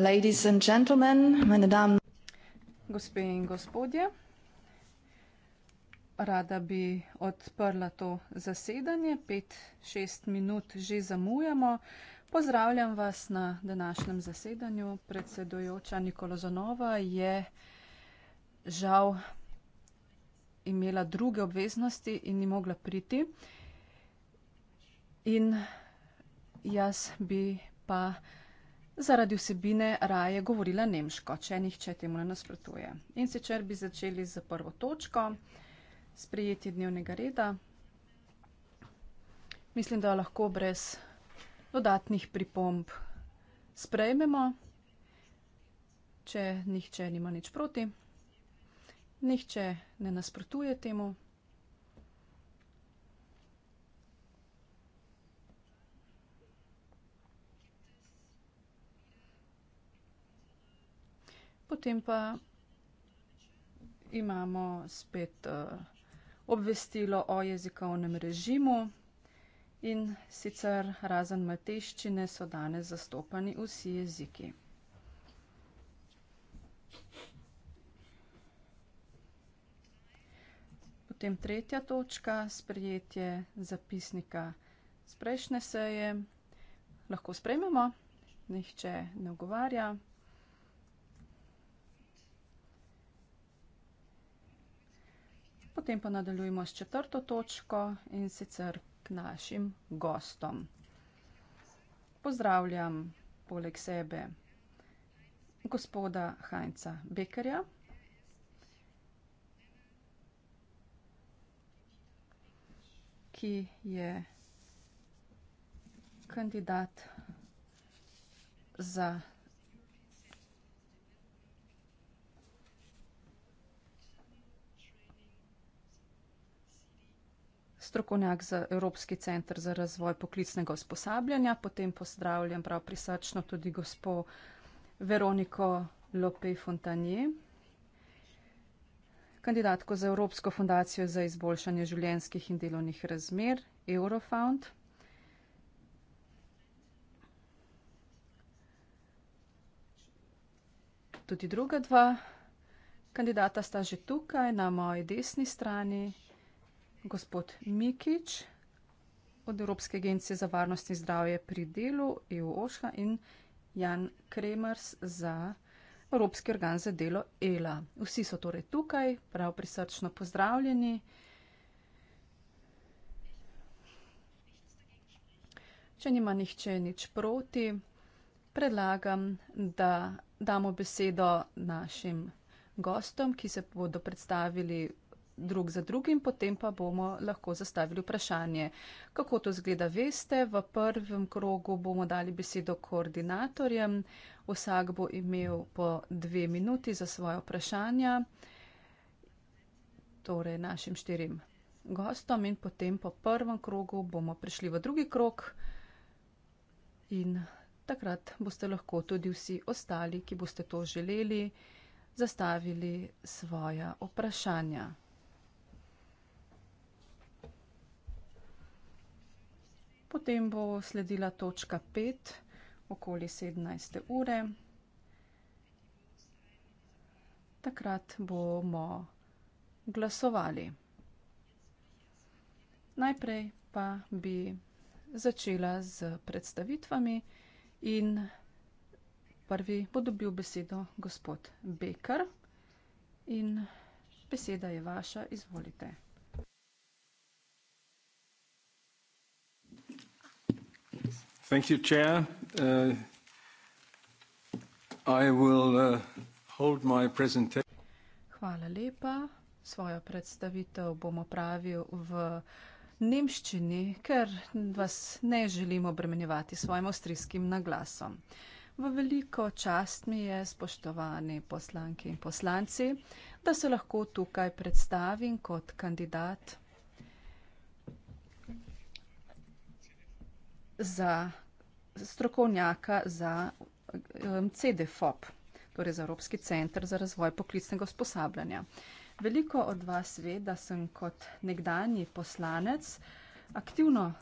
Ladies and gentlemen, meine Damen. Gospe in gospodje, rada bi odprla to zasedanje. Pet, šest minut že zamujamo. Pozdravljam vas na današnjem zasedanju. Predsedojoča Nikolo Zonova je žal imela druge obveznosti in ni mogla priti. In jaz bi pa zaradi vsebine raje govorila nemško, če nihče temu ne nasprotuje. In sicer bi začeli z prvo točko, sprejetje dnevnega reda. Mislim, da lahko brez dodatnih pripomb sprejmemo, če nihče nima nič proti, nihče ne nasprotuje temu. Potem pa imamo spet eh, obvestilo o jezikovnem režimu in sicer razen mateščine so danes zastopani vsi jeziki. Potem tretja točka, sprejetje zapisnika z prejšnje seje. Lahko sprejmemo, nihče ne ogovarja. Potem pa nadaljujemo s četrto točko in sicer k našim gostom. Pozdravljam poleg sebe gospoda Hajnca Bekerja. ki je kandidat za strokovnjak za Evropski centr za razvoj poklicnega usposabljanja. Potem pozdravljam prav prisrčno tudi gospo Veroniko Lopej Fontanje, kandidatko za Evropsko fundacijo za izboljšanje življenjskih in delovnih razmer Eurofound. Tudi druga dva kandidata sta že tukaj na moji desni strani gospod Mikič od Evropske agencije za varnost in zdravje pri delu EUOŠA in Jan Kremers za Evropski organ za delo ELA. Vsi so torej tukaj, prav prisrčno pozdravljeni. Če nima nihče nič proti, predlagam, da damo besedo našim gostom, ki se bodo predstavili drug za drugim, potem pa bomo lahko zastavili vprašanje. Kako to zgleda, veste, v prvem krogu bomo dali besedo koordinatorjem, vsak bo imel po dve minuti za svoje vprašanja, torej našim štirim gostom in potem po prvem krogu bomo prišli v drugi krog in takrat boste lahko tudi vsi ostali, ki boste to želeli, zastavili svoja vprašanja. Potem bo sledila točka 5 okoli 17. ure. Takrat bomo glasovali. Najprej pa bi začela z predstavitvami in prvi bo dobil besedo gospod Bekar in beseda je vaša, izvolite. Thank you, Chair. Uh, I will uh, hold my presentation. Hvala lepa. Svojo predstavitev bom opravil v nemščini, ker vas ne želim obremenjevati s svojim avstrijskim naglasom. V veliko čast mi je, spoštovani poslanke in poslanci, da se lahko tukaj predstavim kot kandidat za strokovnjaka za um, CDFOP, torej za Evropski centr za razvoj poklicnega usposabljanja. Veliko od vas ve, da sem kot nekdani poslanec aktivno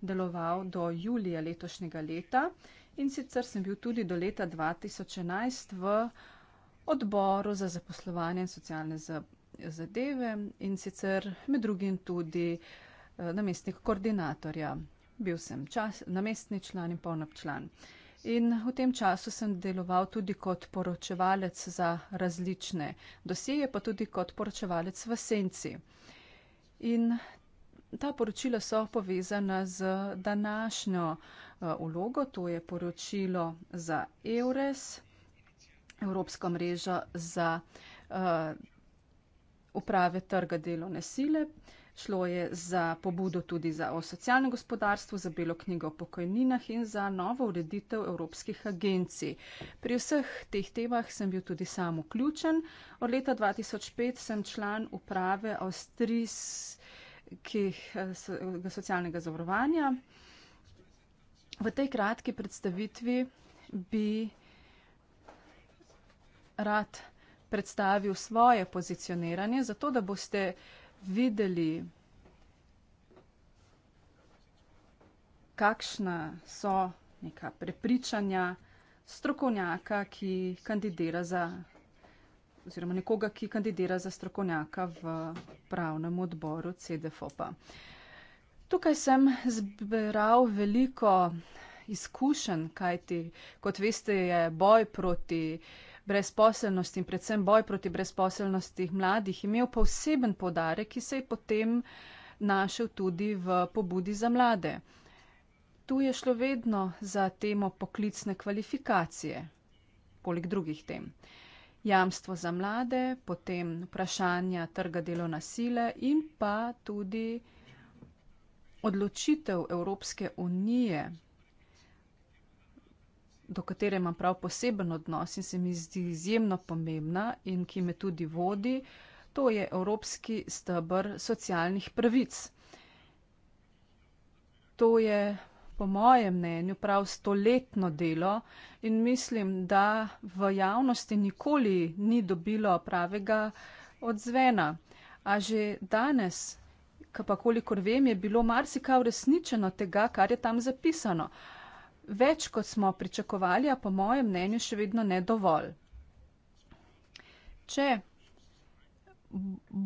deloval do julija letošnjega leta in sicer sem bil tudi do leta 2011 v odboru za zaposlovanje in socialne zadeve in sicer med drugim tudi eh, namestnik koordinatorja bil sem čas, namestni član in polnop član. In v tem času sem deloval tudi kot poročevalec za različne dosije, pa tudi kot poročevalec v senci. In ta poročila so povezana z današnjo ulogo, eh, to je poročilo za EURES, Evropsko mrežo za uh, uprave trga delovne sile. Šlo je za pobudo tudi za o socialnem gospodarstvu, za belo knjigo o pokojninah in za novo ureditev evropskih agencij. Pri vseh teh temah sem bil tudi sam vključen. Od leta 2005 sem član uprave avstrijskih eh, eh, socialnega zavarovanja. V tej kratki predstavitvi bi rad predstavil svoje pozicioniranje, zato da boste videli, kakšna so neka prepričanja strokovnjaka, ki kandidira za oziroma nekoga, ki kandidira za strokovnjaka v pravnem odboru CDFOPA. Tukaj sem zbiral veliko izkušenj, kajti, kot veste, je boj proti uh, brezposelnost in predvsem boj proti brezposelnosti mladih, imel poseben podarek, ki se je potem našel tudi v pobudi za mlade. Tu je šlo vedno za temo poklicne kvalifikacije, poleg drugih tem. Jamstvo za mlade, potem vprašanja trga delovna sile in pa tudi odločitev Evropske unije do katere imam prav poseben odnos in se mi zdi izjemno pomembna in ki me tudi vodi, to je Evropski stebr socialnih pravic. To je po mojem mnenju prav stoletno delo in mislim, da v javnosti nikoli ni dobilo pravega odzvena. A že danes, pa kolikor vem, je bilo marsikaj uresničeno tega, kar je tam zapisano več, kot smo pričakovali, a po mojem mnenju še vedno ne dovolj. Če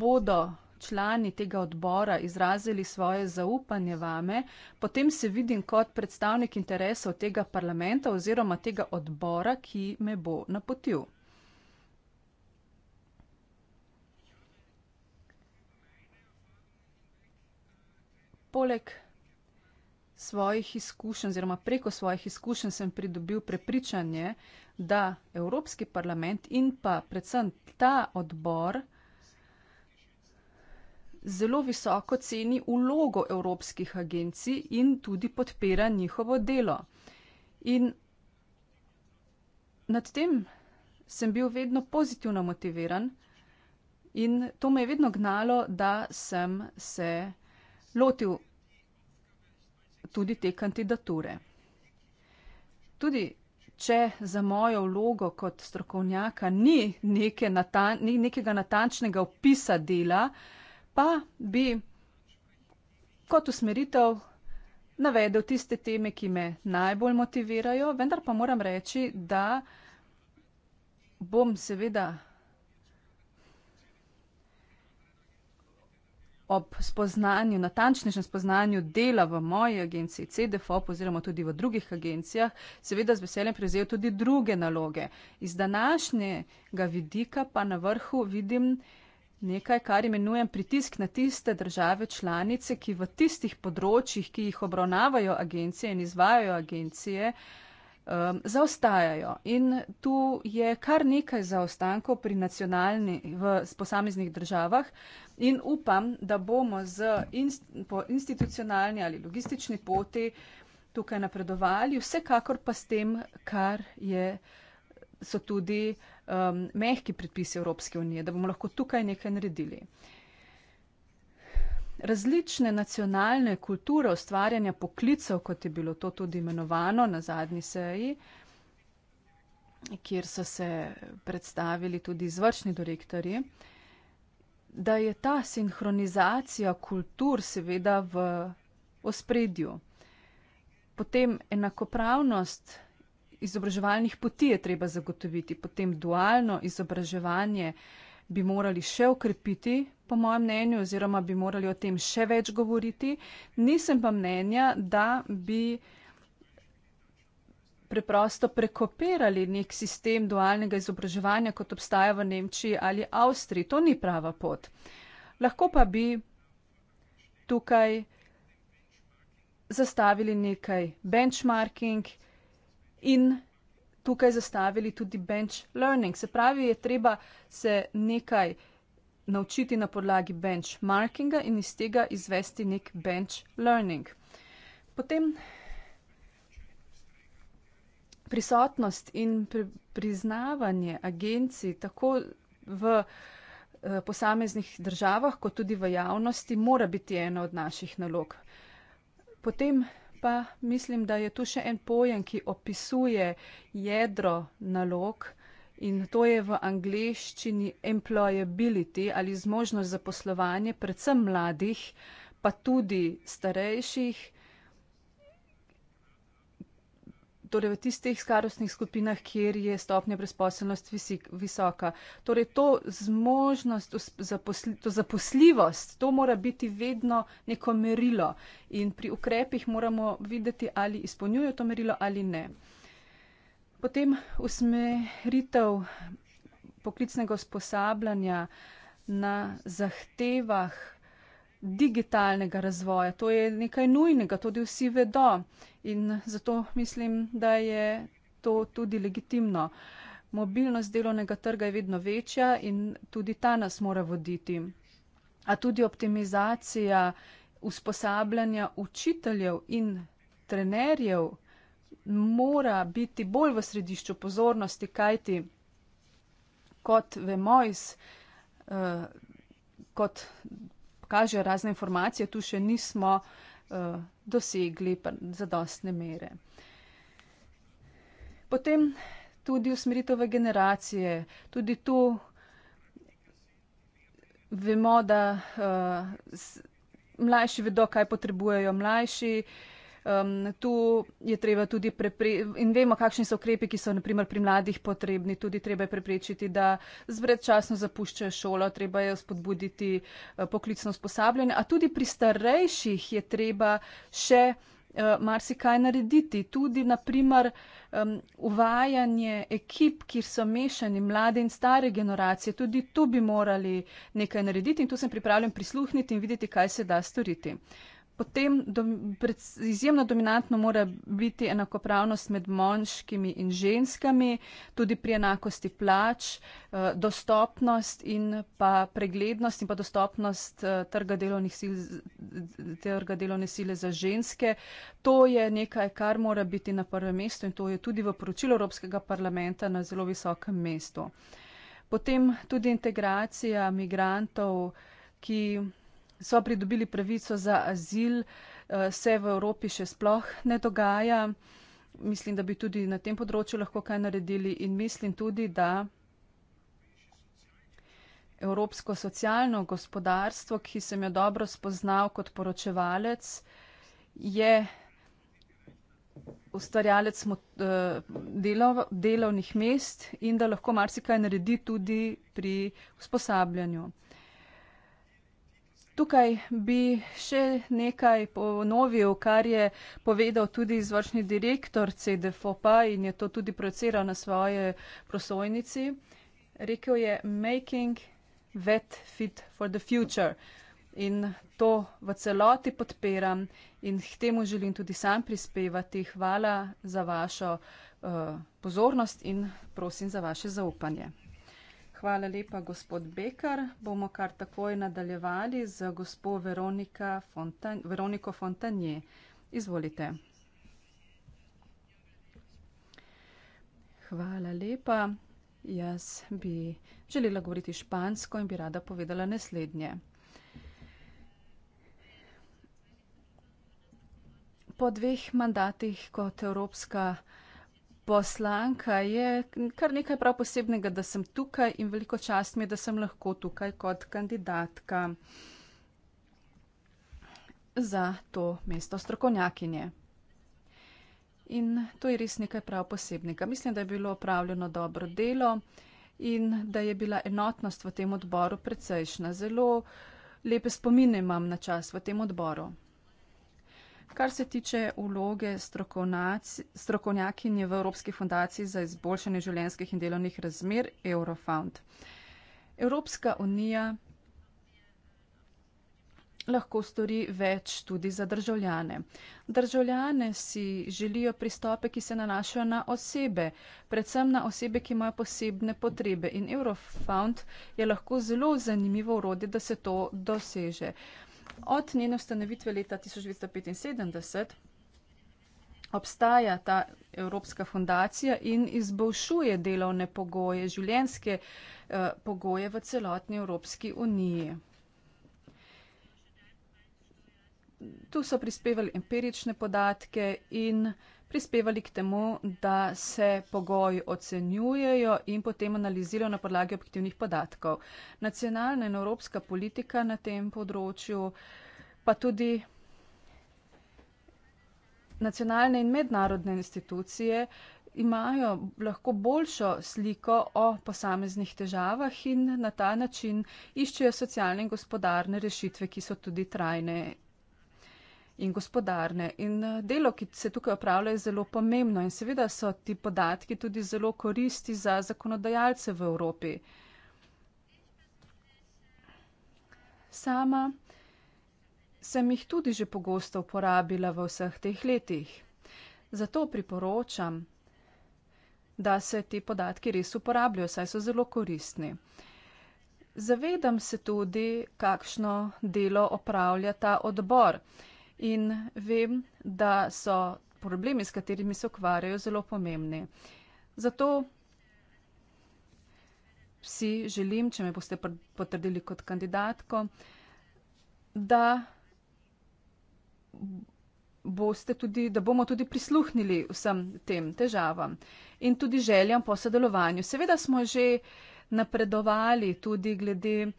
bodo člani tega odbora izrazili svoje zaupanje vame, potem se vidim kot predstavnik interesov tega parlamenta oziroma tega odbora, ki me bo napotil. Poleg svojih izkušenj, oziroma preko svojih izkušenj sem pridobil prepričanje, da Evropski parlament in pa predvsem ta odbor zelo visoko ceni ulogo evropskih agencij in tudi podpira njihovo delo. In nad tem sem bil vedno pozitivno motiviran in to me je vedno gnalo, da sem se lotil tudi te kandidature. Tudi če za mojo vlogo kot strokovnjaka ni, neke natan ni nekega natančnega opisa dela, pa bi kot usmeritev navedel tiste teme, ki me najbolj motivirajo, vendar pa moram reči, da bom seveda ob spoznanju, natančnejšem spoznanju dela v moji agenciji CDFO oziroma tudi v drugih agencijah, seveda z veseljem prevzel tudi druge naloge. Iz današnjega vidika pa na vrhu vidim nekaj, kar imenujem pritisk na tiste države članice, ki v tistih področjih, ki jih obravnavajo agencije in izvajajo agencije, um, zaostajajo. In tu je kar nekaj zaostankov pri nacionalni, v posameznih državah in upam, da bomo z inst po institucionalni ali logistični poti tukaj napredovali, vsekakor pa s tem, kar je, so tudi um, mehki predpisi Evropske unije, da bomo lahko tukaj nekaj naredili. Različne nacionalne kulture ustvarjanja poklicev, kot je bilo to tudi imenovano na zadnji seji, kjer so se predstavili tudi izvršni direktori, uh, da je ta sinhronizacija kultur seveda v ospredju. Potem enakopravnost izobraževalnih poti je treba zagotoviti, potem dualno izobraževanje bi morali še ukrepiti, po mojem mnenju, oziroma bi morali o tem še več govoriti. Nisem pa mnenja, da bi preprosto prekopirali nek sistem dualnega izobraževanja, kot obstaja v Nemčiji ali Avstriji. To ni prava pot. Lahko pa bi tukaj zastavili nekaj benchmarking in tukaj zastavili tudi bench learning. Se pravi, je treba se nekaj naučiti na podlagi benchmarkinga in iz tega izvesti nek bench learning. Potem prisotnost in pri, priznavanje agencij tako v eh, posameznih državah, kot tudi v javnosti, mora biti ena od naših nalog. Potem pa mislim, da je tu še en pojem, ki opisuje jedro nalog in to je v angleščini employability ali zmožnost za poslovanje predvsem mladih, pa tudi starejših, torej v tistih starostnih skupinah, kjer je stopnja brezposelnost visoka. Torej to zmožnost, to zaposljivost, to mora biti vedno neko merilo in pri ukrepih moramo videti, ali izpolnjujo to merilo ali ne. Potem usmeritev poklicnega usposabljanja na zahtevah digitalnega razvoja. To je nekaj nujnega, tudi vsi vedo in zato mislim, da je to tudi legitimno. Mobilnost delovnega trga je vedno večja in tudi ta nas mora voditi. A tudi optimizacija usposabljanja učiteljev in trenerjev mora biti bolj v središču pozornosti, kajti kot vemo iz, uh, kot kažejo razne informacije, tu še nismo uh, dosegli zadostne mere. Potem tudi usmeritove generacije. Tudi tu vemo, da uh, mlajši vedo, kaj potrebujejo mlajši. Uh, Um, tu je treba tudi preprečiti, in vemo, kakšni so ukrepi, ki so naprimer pri mladih potrebni, tudi treba je preprečiti, da zvredčasno zapuščajo šolo, treba je spodbuditi uh, poklicno usposabljanje, a tudi pri starejših je treba še uh, marsikaj narediti. Tudi naprimer um, uvajanje ekip, kjer so mešani mlade in stare generacije, tudi tu bi morali nekaj narediti in tu sem pripravljen prisluhniti in videti, kaj se da storiti. Uh, potem do, pred, izjemno dominantno mora biti enakopravnost med moškimi in ženskami, tudi pri enakosti plač, eh, dostopnost in pa preglednost in pa dostopnost eh, trga, sil, trga delovne sile za ženske. To je nekaj, kar mora biti na prvem mestu in to je tudi v poročilu Evropskega parlamenta na zelo visokem mestu. Potem tudi integracija migrantov, ki so pridobili pravico za azil, eh, se v Evropi še sploh ne dogaja. Mislim, da bi tudi na tem področju lahko kaj naredili in mislim tudi, da Evropsko socialno gospodarstvo, ki sem jo dobro spoznal kot poročevalec, je ustvarjalec eh, delov, delovnih mest in da lahko marsikaj naredi tudi pri usposabljanju. Tukaj bi še nekaj ponovil, kar je povedal tudi izvršni direktor CDFOPA in je to tudi projiciral na svoje prosojnici. Rekel je Making Vet Fit for the Future in to v celoti podpiram in k temu želim tudi sam prispevati. Hvala za vašo uh, pozornost in prosim za vaše zaupanje. Hvala lepa, gospod Bekar. Bomo kar takoj nadaljevali z gospo Fontan, Veroniko Fontanje. Izvolite. Hvala lepa. Jaz bi želela govoriti špansko in bi rada povedala naslednje. Po dveh mandatih kot Evropska poslanka je kar nekaj prav posebnega, da sem tukaj in veliko čast mi je, da sem lahko tukaj kot kandidatka za to mesto strokovnjakinje. In to je res nekaj prav posebnega. Mislim, da je bilo opravljeno dobro delo in da je bila enotnost v tem odboru precejšna. Zelo lepe spomine imam na čas v tem odboru. Kar se tiče uloge strokovnjakinje v Evropski fundaciji za izboljšanje življenjskih in delovnih razmer Eurofound. Evropska unija lahko stori več tudi za državljane. Državljane si želijo pristope, ki se nanašajo na osebe, predvsem na osebe, ki imajo posebne potrebe. In Eurofound je lahko zelo zanimivo urodje, da se to doseže. Od njene ustanovitve leta 1975 obstaja ta Evropska fundacija in izboljšuje delovne pogoje, življenske eh, pogoje v celotni Evropski uniji. Tu so prispevali empirične podatke in eh, prispevali k temu, da se pogoji ocenjujejo in potem analizirajo na podlagi objektivnih podatkov. Nacionalna in evropska politika na tem področju, pa tudi nacionalne in mednarodne institucije imajo lahko boljšo sliko o posameznih težavah in na ta način iščejo socialne in gospodarne rešitve, ki so tudi trajne in gospodarne. In eh, delo, ki se tukaj opravlja, je zelo pomembno in seveda so ti podatki tudi zelo koristi za zakonodajalce v Evropi. Sama sem jih tudi že pogosto uporabila v vseh teh letih. Zato priporočam, da se ti podatki res uporabljajo, saj so zelo koristni. Zavedam se tudi, kakšno delo opravlja ta odbor in vem, da so problemi, s katerimi se ukvarjajo, zelo pomembni. Zato si želim, če me boste potrdili kot kandidatko, da, tudi, da bomo tudi prisluhnili vsem tem težavam in tudi željam po sodelovanju. Seveda smo že napredovali tudi glede uh,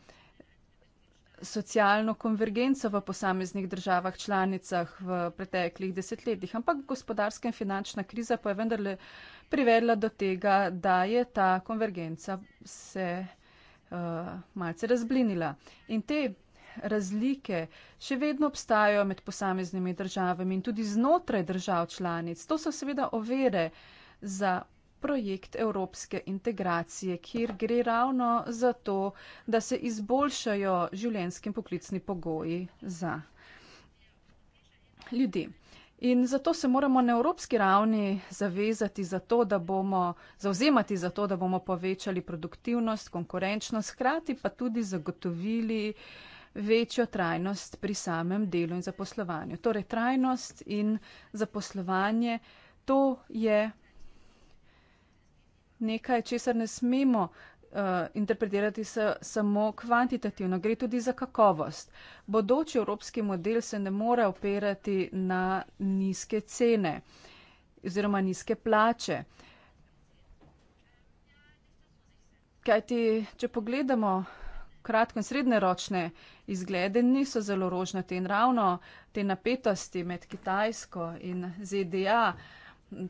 socialno konvergenco v posameznih državah članicah v preteklih desetletjih, ampak gospodarska in finančna kriza pa je vendarle privedla do tega, da je ta konvergenca se uh, malce razblinila. In te razlike še vedno obstajajo med posameznimi državami in tudi znotraj držav članic. To so seveda overe za projekt evropske integracije, kjer gre ravno za to, da se izboljšajo življenjski in poklicni pogoji za ljudi. In zato se moramo na evropski ravni zavezati za to, da bomo, zauzemati za to, da bomo povečali produktivnost, konkurenčnost, hkrati pa tudi zagotovili večjo trajnost pri samem delu in zaposlovanju. Torej, trajnost in zaposlovanje, to je nekaj, česar ne smemo uh, interpretirati s, samo kvantitativno, gre tudi za kakovost. Bodoči evropski model se ne more operati na nizke cene oziroma nizke plače. Kajti, če pogledamo kratko in srednjeročne izglede, niso zelo rožnate in ravno te napetosti med Kitajsko in ZDA,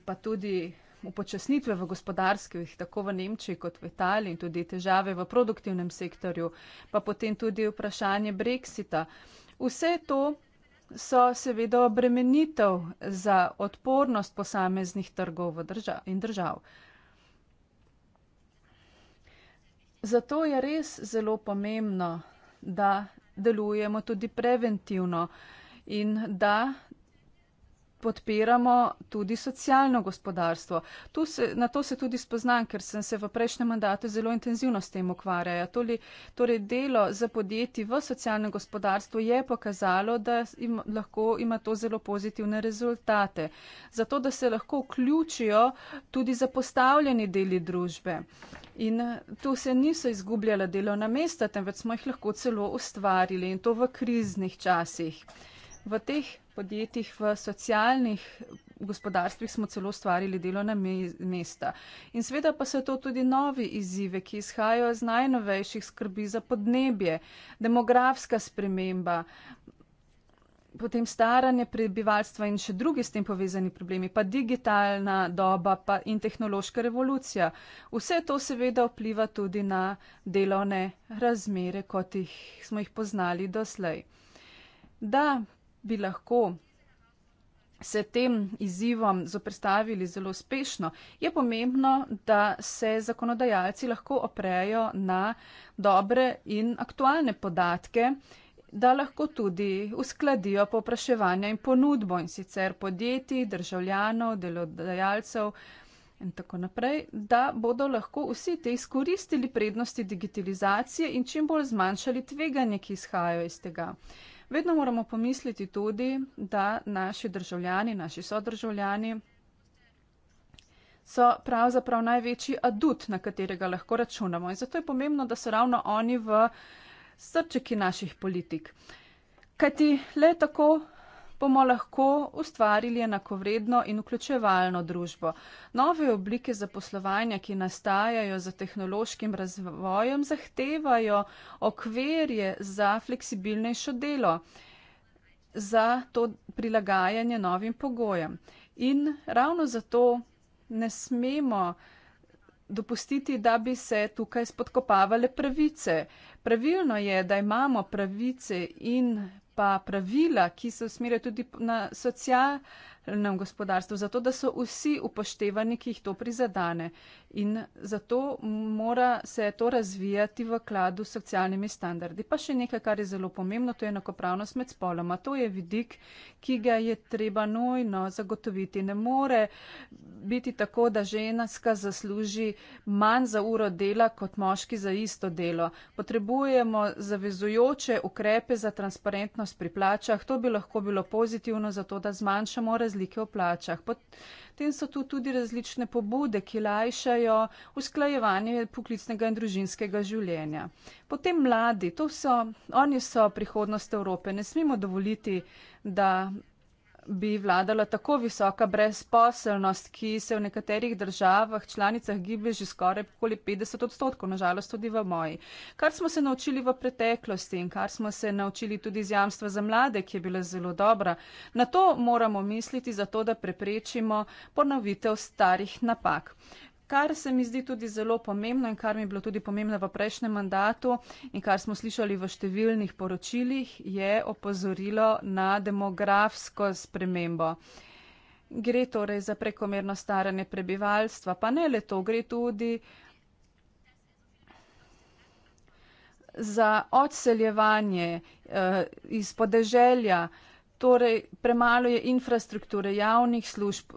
pa tudi upočasnitve v gospodarskih, tako v Nemčiji kot v Italiji, tudi težave v produktivnem sektorju, pa potem tudi vprašanje Brexita. Vse to so seveda obremenitev za odpornost posameznih trgov držav in držav. Zato je res zelo pomembno, da delujemo tudi preventivno in da podpiramo tudi socialno gospodarstvo. Se, na to se tudi spoznam, ker sem se v prejšnjem mandatu zelo intenzivno s tem ukvarjala. Toli, torej delo za podjetji v socialnem gospodarstvu je pokazalo, da im, lahko ima to zelo pozitivne rezultate. Zato, da se lahko vključijo tudi zapostavljeni deli družbe. In tu se niso izgubljala delovna mesta, temveč smo jih lahko celo ustvarili in to v kriznih časih v teh podjetjih, v socialnih gospodarstvih smo celo ustvarili delovna mesta. In seveda pa so to tudi nove izzive, ki izhajajo iz najnovejših skrbi za podnebje, demografska sprememba, potem staranje prebivalstva in še drugi s tem povezani problemi, pa digitalna doba pa in tehnološka revolucija. Vse to seveda vpliva tudi na delovne razmere, kot jih smo jih poznali doslej. Da bi lahko se tem izzivom zoprstavili zelo uspešno, je pomembno, da se zakonodajalci lahko oprejo na dobre in aktualne podatke, da lahko tudi uskladijo popraševanje in ponudbo in sicer podjetij, državljanov, delodajalcev in tako naprej, da bodo lahko vsi te izkoristili prednosti digitalizacije in čim bolj zmanjšali tveganje, ki izhajajo iz tega. Vedno moramo pomisliti tudi, da naši državljani, naši sodržavljani so pravzaprav največji adut, na katerega lahko računamo. In zato je pomembno, da so ravno oni v srčiki naših politik. Kajti le tako bomo lahko ustvarili enakovredno in vključevalno družbo. Nove oblike zaposlovanja, ki nastajajo za tehnološkim razvojem, zahtevajo okverje za fleksibilnejšo delo, za to prilagajanje novim pogojem. In ravno zato ne smemo dopustiti, da bi se tukaj spodkopavale pravice. Pravilno je, da imamo pravice in pa pravila, ki se usmerjajo tudi na socialnem gospodarstvu, zato da so vsi upoštevani, ki jih to prizadane. In zato mora se to razvijati v kladu s socialnimi standardi. Pa še nekaj, kar je zelo pomembno, to je enakopravnost med spoloma. To je vidik, ki ga je treba nujno zagotoviti. Ne more biti tako, da ženska zasluži manj za uro dela kot moški za isto delo. Potrebujemo zavezujoče ukrepe za transparentnost pri plačah. To bi lahko bilo pozitivno, zato da zmanjšamo razlike v plačah. Pot tem so tu tudi različne pobude, ki lajšajo usklajevanje poklicnega in družinskega življenja. Potem mladi, so, oni so prihodnost Evrope. Ne smemo dovoliti, da bi vladala tako visoka brezposelnost, ki se v nekaterih državah, članicah giblje že skoraj okoli 50 odstotkov, nažalost tudi v moji. Kar smo se naučili v preteklosti in kar smo se naučili tudi iz jamstva za mlade, ki je bila zelo dobra, na to moramo misliti, zato da preprečimo ponovitev starih napak. Kar se mi zdi tudi zelo pomembno in kar mi je bilo tudi pomembno v prejšnjem mandatu in kar smo slišali v številnih poročilih, je opozorilo na demografsko spremembo. Gre torej za prekomerno staranje prebivalstva, pa ne le to, gre tudi za odseljevanje eh, iz podeželja, torej premalo je infrastrukture javnih služb,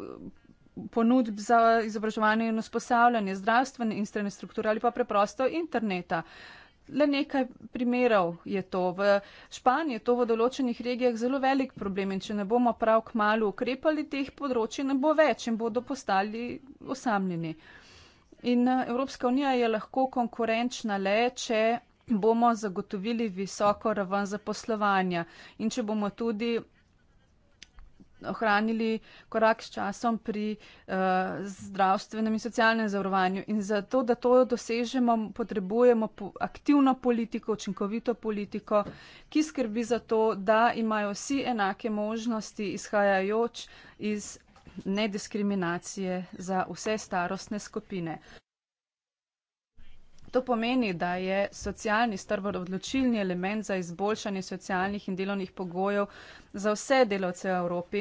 ponudb za izobraževanje in usposabljanje, zdravstvene in strene strukture ali pa preprosto interneta. Le nekaj primerov je to. V Španiji je to v določenih regijah zelo velik problem in če ne bomo prav k malu ukrepali, teh področji ne bo več in bodo postali osamljeni. In eh, Evropska unija je lahko konkurenčna le, če bomo zagotovili visoko raven zaposlovanja in če bomo tudi ohranili korak s časom pri uh, zdravstvenem in socialnem zavarovanju. In za to, da to dosežemo, potrebujemo po aktivno politiko, učinkovito politiko, ki skrbi za to, da imajo vsi enake možnosti, izhajajoč iz nediskriminacije za vse starostne skupine. To pomeni, da je socialni strvor odločilni element za izboljšanje socialnih in delovnih pogojev za vse delavce v Evropi,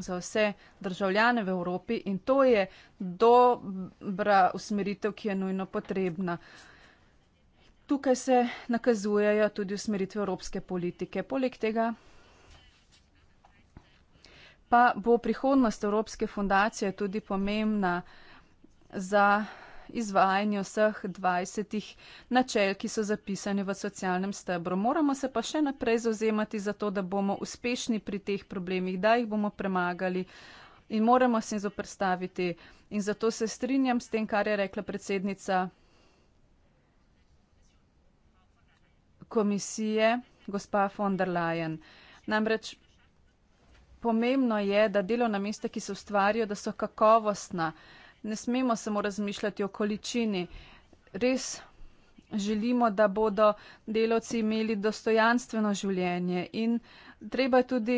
za vse državljane v Evropi in to je dobra usmeritev, ki je nujno potrebna. Tukaj se nakazujejo tudi usmeritve evropske politike. Poleg tega pa bo prihodnost Evropske fundacije tudi pomembna za izvajanju vseh 20 načel, ki so zapisane v socialnem stebru. Moramo se pa še naprej zauzemati za to, da bomo uspešni pri teh problemih, da jih bomo premagali in moramo se jim zoprstaviti. In zato se strinjam s tem, kar je rekla predsednica komisije, gospa von der Leyen. Namreč pomembno je, da delovna mesta, ki se ustvarjajo, da so kakovostna ne smemo samo razmišljati o količini. Res želimo, da bodo delavci imeli dostojanstveno življenje in treba je tudi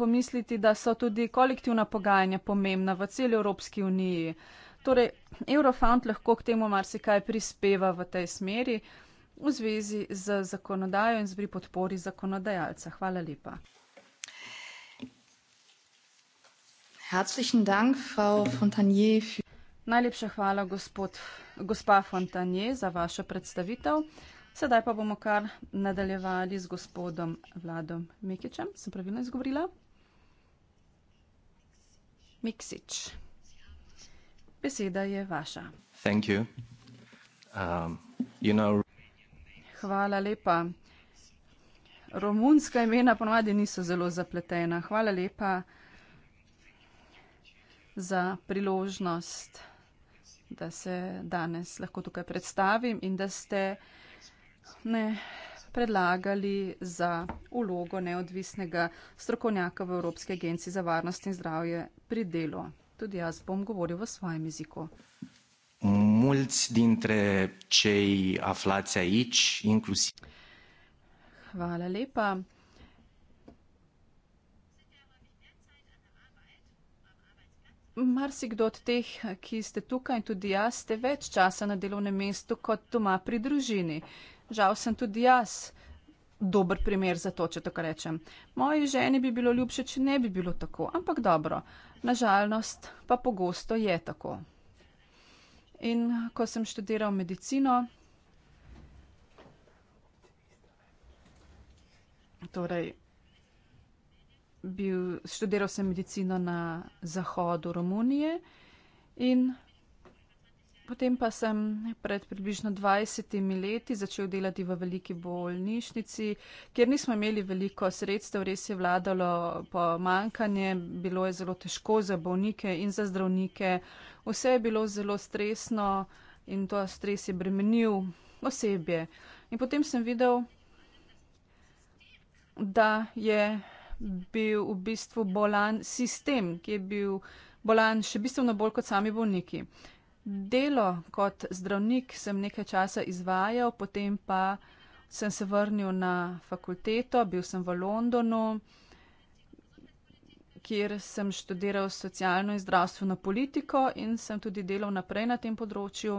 pomisliti, da so tudi kolektivna pogajanja pomembna v celi Evropski uniji. Torej, Eurofound lahko k temu marsikaj prispeva v tej smeri v zvezi z zakonodajo in zbri podpori zakonodajalca. Hvala lepa. Herzlichen Dank, Frau Fontanier. Für Najlepša hvala, gospod, gospa Fontanier, za vašo predstavitev. Sedaj pa bomo kar nadaljevali z gospodom Vladom Mikičem. Sem pravilno izgovorila? Miksič. Beseda je vaša. Thank you. Um, you know... Hvala lepa. Romunska imena ponovadi niso zelo zapletena. Hvala lepa za priložnost, da se danes lahko tukaj predstavim in da ste me predlagali za ulogo neodvisnega strokovnjaka v Evropski agenciji za varnost in zdravje pri delu. Tudi jaz bom govoril v svojem jeziku. Hvala lepa. Marsikdo od teh, ki ste tukaj in tudi jaz, ste več časa na delovnem mestu kot doma pri družini. Žal sem tudi jaz dober primer za to, če tako rečem. Moji ženi bi bilo ljubše, če ne bi bilo tako, ampak dobro, nažalost pa pogosto je tako. In ko sem študiral medicino, torej bil, študiral sem medicino na zahodu Romunije in potem pa sem pred približno 20 leti začel delati v veliki bolnišnici, kjer nismo imeli veliko sredstev, res je vladalo pomankanje, bilo je zelo težko za bolnike in za zdravnike, vse je bilo zelo stresno in to stres je bremenil osebje. In potem sem videl, da je bil v bistvu bolan sistem, ki je bil bolan še bistveno bolj kot sami bolniki. Delo kot zdravnik sem nekaj časa izvajal, potem pa sem se vrnil na fakulteto, bil sem v Londonu, kjer sem študiral socialno in zdravstveno politiko in sem tudi delal naprej na tem področju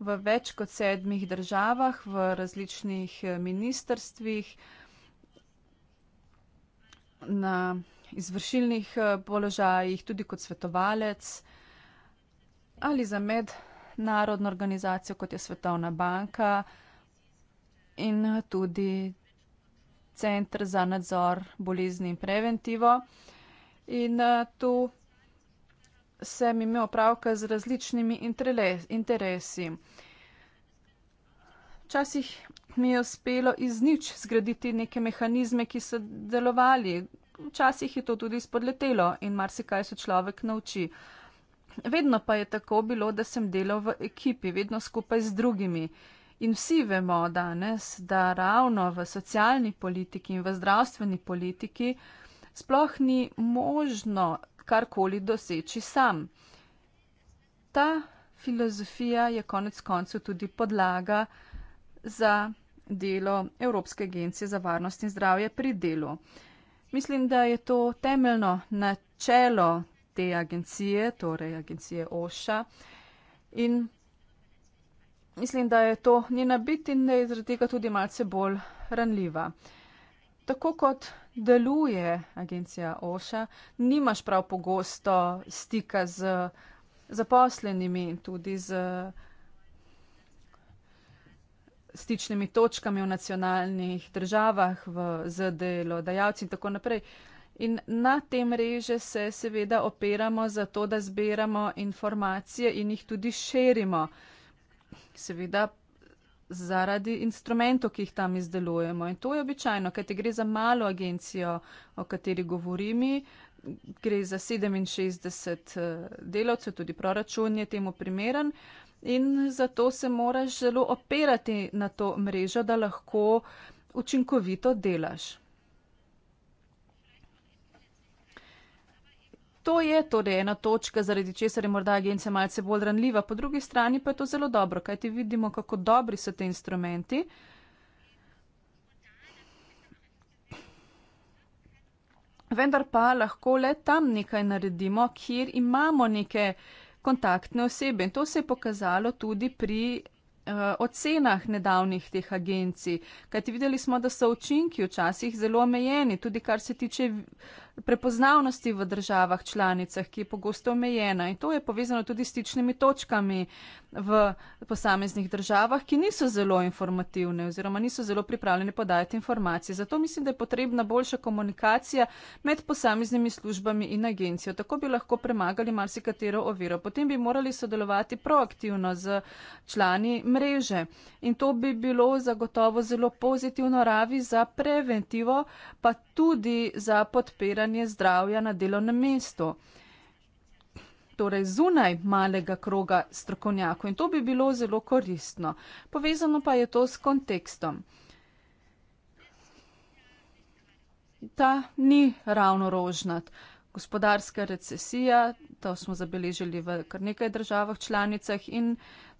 v več kot sedmih državah, v različnih eh, ministrstvih na izvršilnih eh, položajih, tudi kot svetovalec ali za mednarodno organizacijo, kot je Svetovna banka in eh, tudi Centr za nadzor bolezni in preventivo. In eh, tu sem imel opravka z različnimi interesi. Včasih mi je uspelo iz nič zgraditi neke mehanizme, ki so delovali. Včasih je to tudi spodletelo in marsikaj se človek nauči. Vedno pa je tako bilo, da sem delal v ekipi, vedno skupaj z drugimi. In vsi vemo danes, da ravno v socialni politiki in v zdravstveni politiki sploh ni možno karkoli doseči sam. Ta filozofija je konec koncev tudi podlaga za delo Evropske agencije za varnost in zdravje pri delu. Mislim, da je to temeljno načelo te agencije, torej agencije OŠA. In mislim, da je to njena biti in da je zaradi tega tudi malce bolj ranljiva. Tako kot deluje agencija OŠA, nimaš prav pogosto stika z zaposlenimi in tudi z stičnimi točkami v nacionalnih državah, v ZDLO, dajalci in tako naprej. In na te mreže se seveda opiramo za to, da zbiramo informacije in jih tudi širimo. Seveda zaradi instrumentov, ki jih tam izdelujemo. In to je običajno, kajti gre za malo agencijo, o kateri govorimi. Gre za 67 eh, delavcev, tudi proračun je temu primeren in zato se moraš zelo operati na to mrežo, da lahko učinkovito delaš. To je torej ena točka, zaradi česar je morda agencija malce bolj ranljiva, po drugi strani pa je to zelo dobro, kajti vidimo, kako dobri so ti instrumenti. Vendar pa lahko le tam nekaj naredimo, kjer imamo neke uh, kontaktne osebe. In to se je pokazalo tudi pri uh, ocenah nedavnih teh agencij. Kajti videli smo, da so učinki včasih zelo omejeni, tudi kar se tiče uh, prepoznavnosti v državah članicah, ki je pogosto omejena. In to je povezano tudi s tičnimi točkami v posameznih državah, ki niso zelo informativne oziroma niso zelo pripravljene podajati informacije. Zato mislim, da je potrebna boljša komunikacija med posameznimi službami in agencijo. Tako bi lahko premagali marsikatero oviro. Potem bi morali sodelovati proaktivno z člani mreže. In to bi bilo zagotovo zelo pozitivno ravi za preventivo, pa tudi za podpiranje preverjanje zdravja na delovnem mestu. Torej, zunaj malega kroga strokovnjakov in to bi bilo zelo koristno. Povezano pa je to s kontekstom. Ta ni ravno rožnat gospodarska recesija, to smo zabeležili v kar nekaj državah članicah in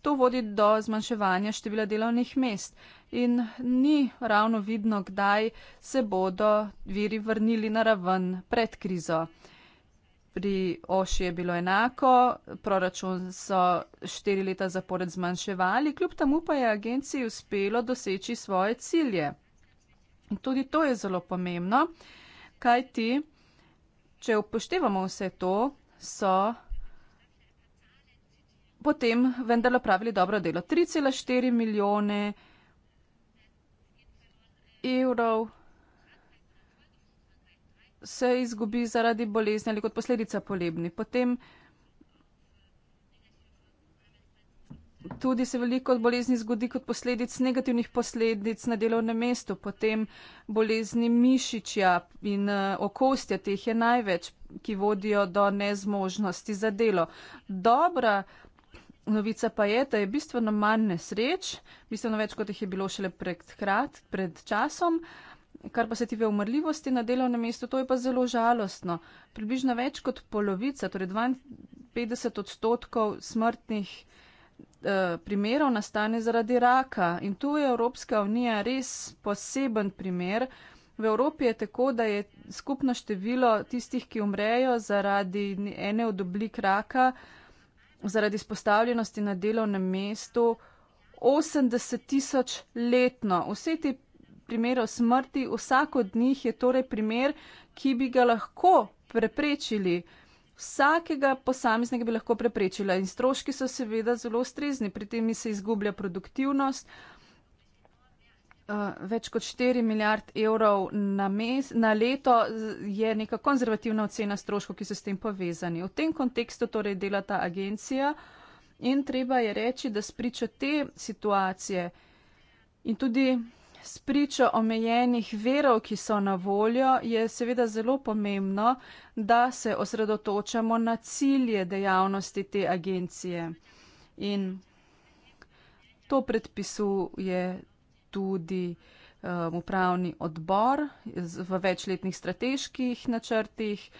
to vodi do zmanjševanja števila delovnih mest. In ni ravno vidno, kdaj se bodo viri vrnili na raven pred krizo. Pri Oši je bilo enako, proračun so štiri leta zapored zmanjševali, kljub temu pa je agenciji uspelo doseči svoje cilje. In tudi to je zelo pomembno, kaj ti. Če upoštevamo vse to, so potem vendarle pravili dobro delo. 3,4 milijone evrov se izgubi zaradi bolezni ali kot posledica polebni. Potem tudi se veliko bolezni zgodi kot posledic negativnih posledic na delovnem mestu, potem bolezni mišičja in eh, okostja, teh je največ, ki vodijo do nezmožnosti za delo. Dobra novica pa je, da je bistveno manj nesreč, bistveno več, kot jih je bilo šele pred, krat, pred časom. Kar pa se tive umrljivosti na delovnem mestu, to je pa zelo žalostno. Približno več kot polovica, torej 52 odstotkov smrtnih uh, Eh, primerov nastane zaradi raka. In tu je Evropska unija res poseben primer. V Evropi je tako, da je skupno število tistih, ki umrejo zaradi ene od oblik raka, zaradi spostavljenosti na delovnem mestu, 80 tisoč letno. Vse te primere smrti, vsak od njih je torej primer, ki bi ga lahko preprečili vsakega posameznega bi lahko preprečila in stroški so seveda zelo strezni, pri tem se izgublja produktivnost. Uh, več kot 4 milijard evrov na, mes, na leto je neka konzervativna ocena stroškov, ki so s tem povezani. V tem kontekstu torej dela ta agencija in treba je reči, da spričo te situacije in tudi spričo omejenih verov, ki so na voljo, je seveda zelo pomembno, da se osredotočamo na cilje dejavnosti te agencije. In to predpisuje tudi um, upravni odbor v večletnih strateških načrtih.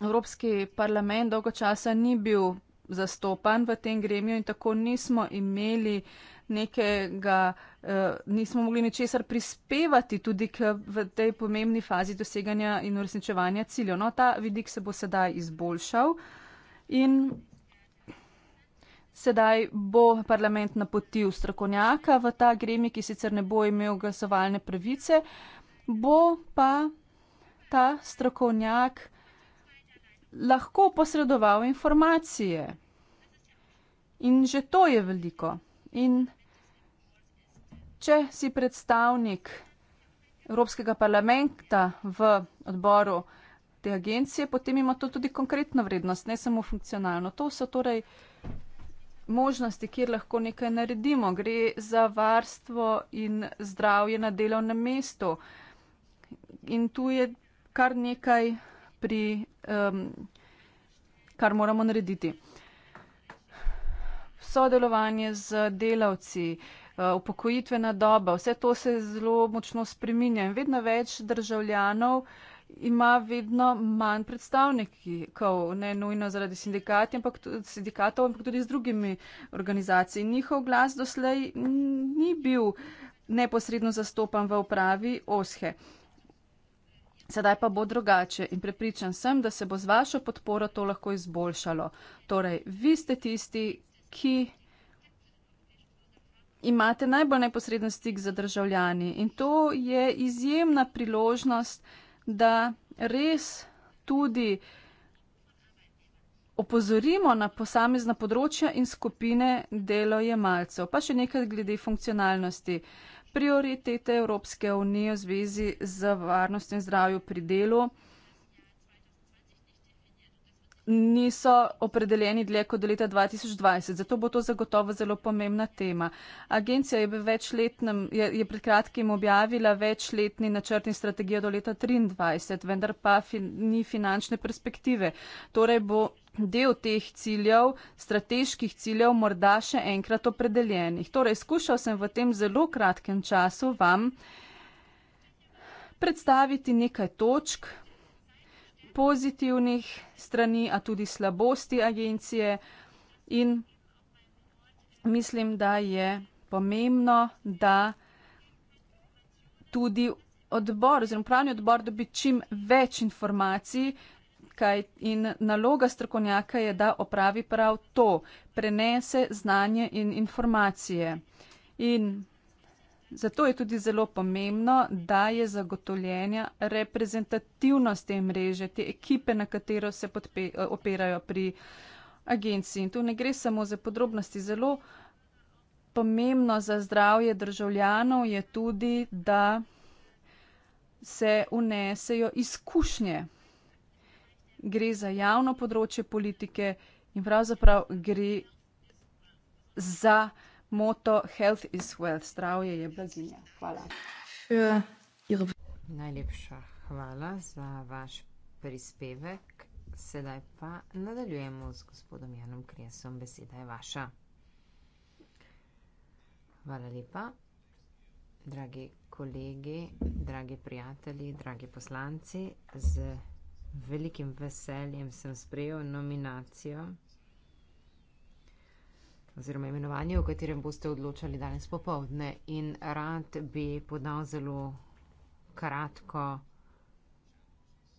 Evropski parlament dolgo časa ni bil zastopan v tem gremiju in tako nismo imeli nekega, eh, nismo mogli ničesar prispevati tudi k, v tej pomembni fazi doseganja in uresničevanja ciljev. No, ta vidik se bo sedaj izboljšal in sedaj bo parlament napotil strokovnjaka v ta gremij, ki sicer ne bo imel glasovalne pravice, bo pa ta strokovnjak lahko posredoval informacije. In že to je veliko. In če si predstavnik Evropskega parlamenta v odboru te agencije, potem ima to tudi konkretno vrednost, ne samo funkcionalno. To so torej možnosti, kjer lahko nekaj naredimo. Gre za varstvo in zdravje na delovnem mestu. In tu je kar nekaj pri, um, kar moramo narediti. Sodelovanje z delavci, eh, upokojitvena doba, vse to se zelo močno spreminja in vedno več državljanov ima vedno manj predstavnikov, ne nujno zaradi ampak sindikatov, ampak tudi z drugimi organizacij. Njihov glas doslej ni bil neposredno zastopan v upravi OSHE. Sedaj pa bo drugače in prepričan sem, da se bo z vašo podporo to lahko izboljšalo. Torej, vi ste tisti, ki imate najbolj neposreden stik z državljani in to je izjemna priložnost, da res tudi opozorimo na posamezna področja in skupine delojemalcev. Pa še nekaj glede funkcionalnosti prioritete Evropske unije v zvezi z varnostjo in zdravjo pri delu niso opredeljeni dlje kot do leta 2020, zato bo to zagotovo zelo pomembna tema. Agencija je, večletnem, je, je pred kratkim objavila večletni načrt in strategijo do leta 2023, vendar pa fin, ni finančne perspektive. Torej bo del teh ciljev, strateških ciljev, morda še enkrat opredeljenih. Torej, skušal sem v tem zelo kratkem času vam predstaviti nekaj točk pozitivnih strani, a tudi slabosti agencije in mislim, da je pomembno, da tudi odbor oziroma pravni odbor dobi čim več informacij, kaj in naloga strokovnjaka je, da opravi prav to, prenese znanje in informacije. In zato je tudi zelo pomembno, da je zagotovljena reprezentativnost te mreže, te ekipe, na katero se podpe, eh, operajo pri agenciji. In tu ne gre samo za podrobnosti, zelo pomembno za zdravje državljanov je tudi, da se unesejo izkušnje gre za javno področje politike in pravzaprav gre za moto Health is wealth, zdravje je blaginja. Hvala. Eh, najlepša hvala za vaš prispevek. Sedaj pa nadaljujemo z gospodom Janom Kresom. Beseda je vaša. Hvala lepa. Dragi kolegi, dragi prijatelji, dragi poslanci, z velikim veseljem sem sprejel nominacijo oziroma imenovanje, o katerem boste odločali danes popovdne. In rad bi podal zelo kratko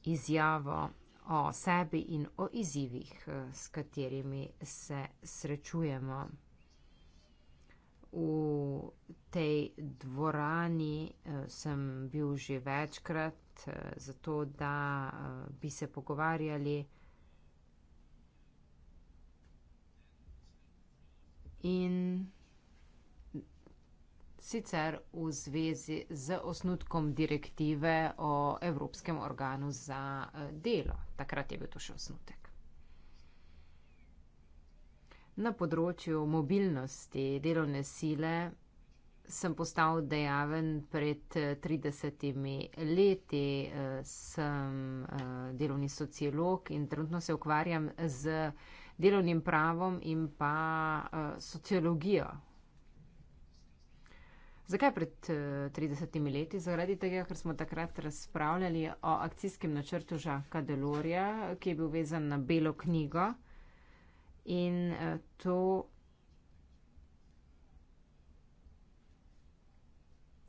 izjavo o sebi in o izzivih, s katerimi se srečujemo. V tej dvorani eh, sem bil že večkrat, eh, zato da eh, bi se pogovarjali. In sicer v zvezi z osnutkom direktive o Evropskem organu za delo. Takrat je bil to še osnutek. Na področju mobilnosti delovne sile sem postal dejaven pred 30 eh, leti. Eh, sem eh, delovni sociolog in trenutno se ukvarjam z delovnim pravom in pa sociologijo. Zakaj pred 30 leti? Zaradi tega, ker smo takrat razpravljali o akcijskem načrtu Žaka Delorja, ki je bil vezan na Belo knjigo in eh, to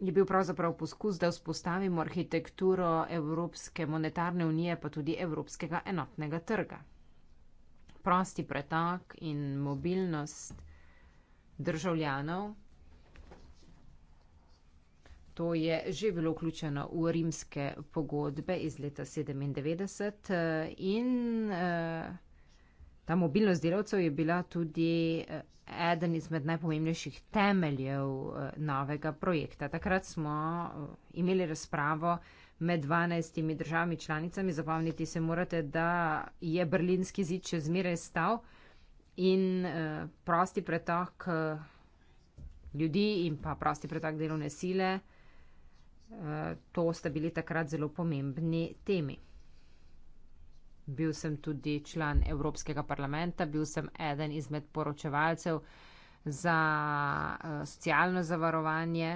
je bil pravzaprav poskus, da vzpostavimo arhitekturo Evropske monetarne unije, pa tudi Evropskega enotnega trga. Prosti pretok in mobilnost državljanov. To je že bilo vključeno v rimske pogodbe iz leta 1997 eh, in eh, Ta mobilnost delavcev je bila tudi eh, eden izmed najpomembnejših temeljev eh, novega projekta. Takrat smo eh, imeli razpravo med 12 državami članicami. Zapomniti se morate, da je berlinski zid še zmeraj stal in prosti pretok ljudi in pa prosti pretok delovne sile, to sta bili takrat zelo pomembni temi. Bil sem tudi član Evropskega parlamenta, bil sem eden izmed poročevalcev za eh, socialno zavarovanje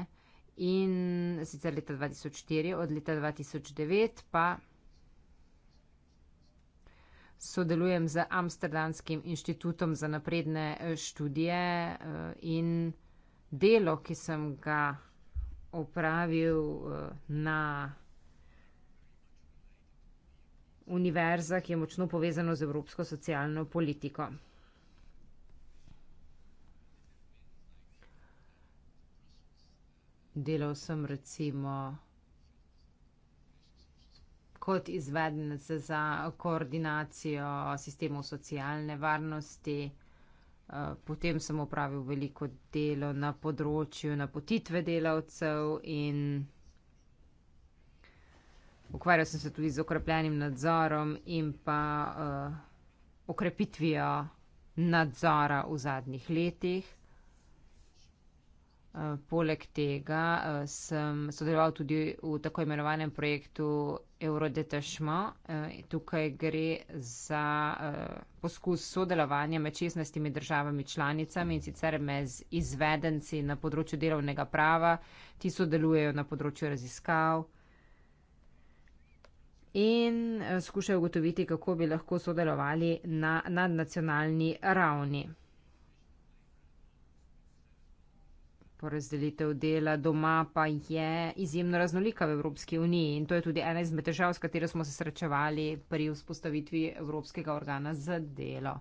in sicer leta 2004, od leta 2009 pa sodelujem z Amsterdamskim inštitutom za napredne eh, študije eh, in delo, ki sem ga opravil na univerzah je močno povezano z evropsko socialno politiko. Delal sem recimo kot izvedenec za koordinacijo sistemov socialne varnosti. Eh, potem sem opravil veliko delo na področju napotitve delavcev in ukvarjal sem se tudi z okrepljenim nadzorom in pa uh, okrepitvijo nadzora v zadnjih letih. Eh, poleg tega eh, sem sodeloval tudi v tako imenovanem projektu Eurodetašmo. Tukaj gre za poskus sodelovanja med 16 državami članicami in sicer med izvedenci na področju delovnega prava, ki sodelujejo na področju raziskav in eh, skušajo ugotoviti, kako bi lahko sodelovali na nadnacionalni ravni. Porazdelitev dela doma pa je izjemno raznolika v Evropski uniji in to je tudi ena izmed težav, s katero smo se srečevali pri vzpostavitvi Evropskega organa za delo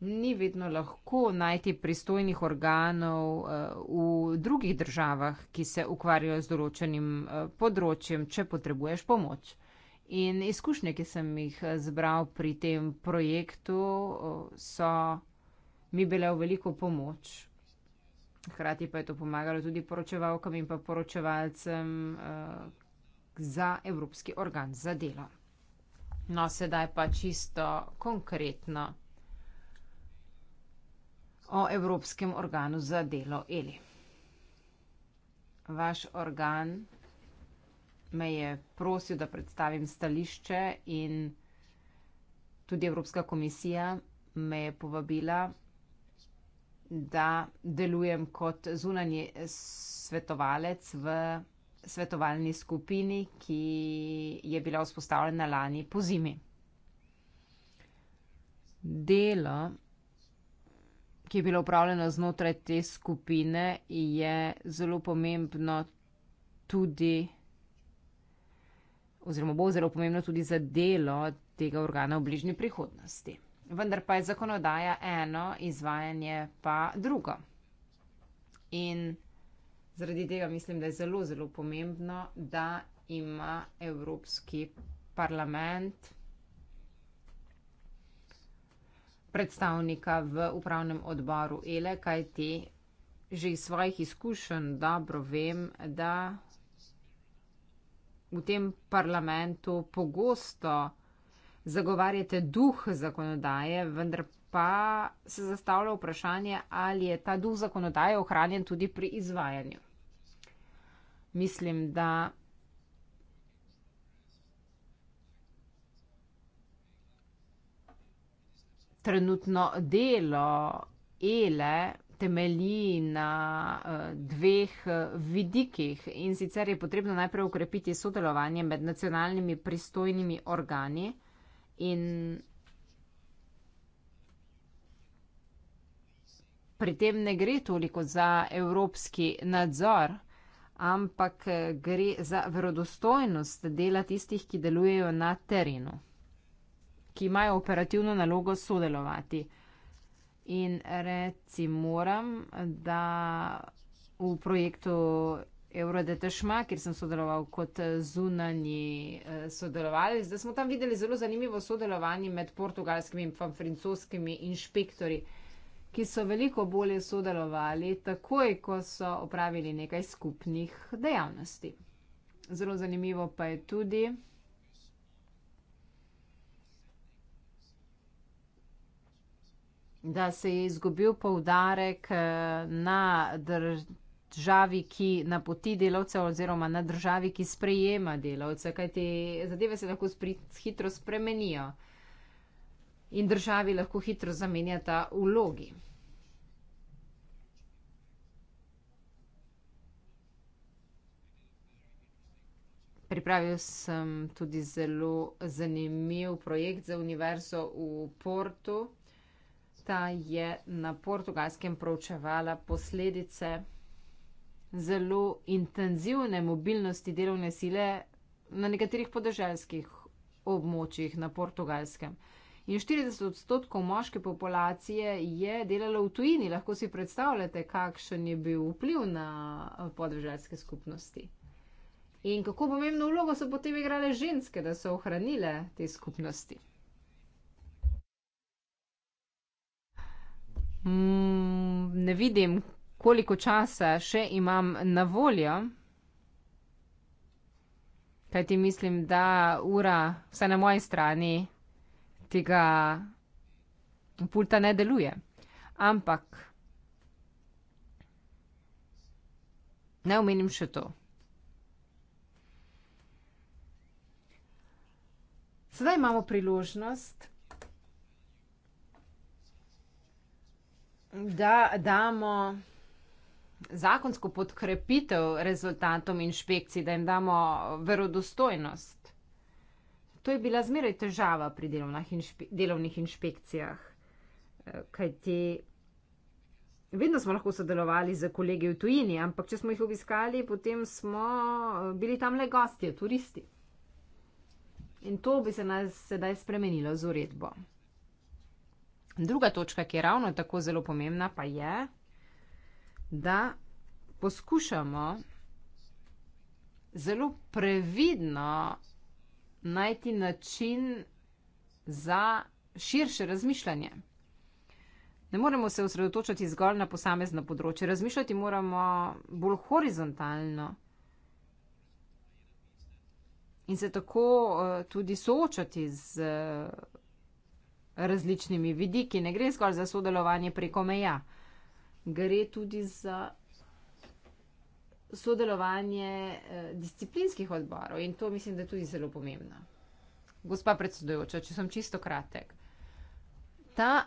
ni vedno lahko najti pristojnih organov eh, v drugih državah, ki se ukvarjajo z določenim eh, področjem, če potrebuješ pomoč. In izkušnje, ki sem jih eh, zbral pri tem projektu, so mi bile v veliko pomoč. Hrati pa je to pomagalo tudi poročevalkam in pa poročevalcem za Evropski organ za delo. No, sedaj pa čisto konkretno o Evropskem organu za delo Eli. Vaš organ me je prosil, da predstavim stališče in tudi Evropska komisija me je povabila, da delujem kot zunanji svetovalec v svetovalni skupini, ki je bila vzpostavljena lani po zimi. Delo ki je bila upravljena znotraj te skupine, je zelo pomembno tudi, oziroma bo zelo pomembno tudi za delo tega organa v bližnji prihodnosti. Vendar pa je zakonodaja eno, izvajanje pa drugo. In zaradi tega mislim, da je zelo, zelo pomembno, da ima Evropski parlament predstavnika v upravnem odboru ELE, kaj ti že iz svojih izkušenj dobro vem, da v tem parlamentu pogosto zagovarjate duh zakonodaje, vendar pa se zastavlja vprašanje, ali je ta duh zakonodaje ohranjen tudi pri izvajanju. Mislim, da trenutno delo Ele temelji na eh, dveh eh, vidikih in sicer je potrebno najprej ukrepiti sodelovanje med nacionalnimi pristojnimi organi in pri tem ne gre toliko za evropski nadzor, ampak eh, gre za verodostojnost dela tistih, ki delujejo na terenu ki imajo operativno nalogo sodelovati. In reci moram, da v projektu Eurodetešma, kjer sem sodeloval kot eh, zunani eh, sodelovalec, da smo tam videli zelo zanimivo sodelovanje med portugalskimi in francoskimi inšpektori, ki so veliko bolje sodelovali, takoj, ko so opravili nekaj skupnih dejavnosti. Zelo zanimivo pa je tudi, da se je izgubil poudarek eh, na državi, ki napoti delavce oziroma na državi, ki sprejema delavce, kajti zadeve se lahko hitro spremenijo in državi lahko hitro zamenjata vlogi. Pripravil sem tudi zelo zanimiv projekt za univerzo v Portu leta je na portugalskem proučevala posledice zelo intenzivne mobilnosti delovne sile na nekaterih podeželskih območjih na portugalskem. In 40 odstotkov moške populacije je delalo v tujini. Lahko si predstavljate, kakšen je bil vpliv na eh, podeželske skupnosti. In kako pomembno vlogo so potem igrale ženske, da so ohranile te skupnosti. Mm, ne vidim, koliko časa še imam na voljo. Kaj ti mislim, da ura, vsaj na moji strani, tega pulta ne deluje. Ampak ne omenim še to. Sedaj imamo priložnost, da damo zakonsko podkrepitev rezultatom inšpekcij, da jim damo verodostojnost. To je bila zmeraj težava pri inšpe, delovnih inšpekcijah, eh, kajti vedno smo lahko sodelovali z kolegi v tujini, ampak če smo jih obiskali, potem smo eh, bili tam le gostje, turisti. In to bi se nas sedaj spremenilo z uredbo. Druga točka, ki je ravno tako zelo pomembna, pa je, da poskušamo zelo previdno najti način za širše razmišljanje. Ne moremo se osredotočiti zgolj na posamezno področje, razmišljati moramo bolj horizontalno in se tako uh, tudi soočati z. Uh, različnimi vidiki. Ne gre zgolj za sodelovanje preko meja. Gre tudi za sodelovanje eh, disciplinskih odborov in to mislim, da je tudi zelo pomembno. Gospa predsedujoča, če sem čisto kratek. Ta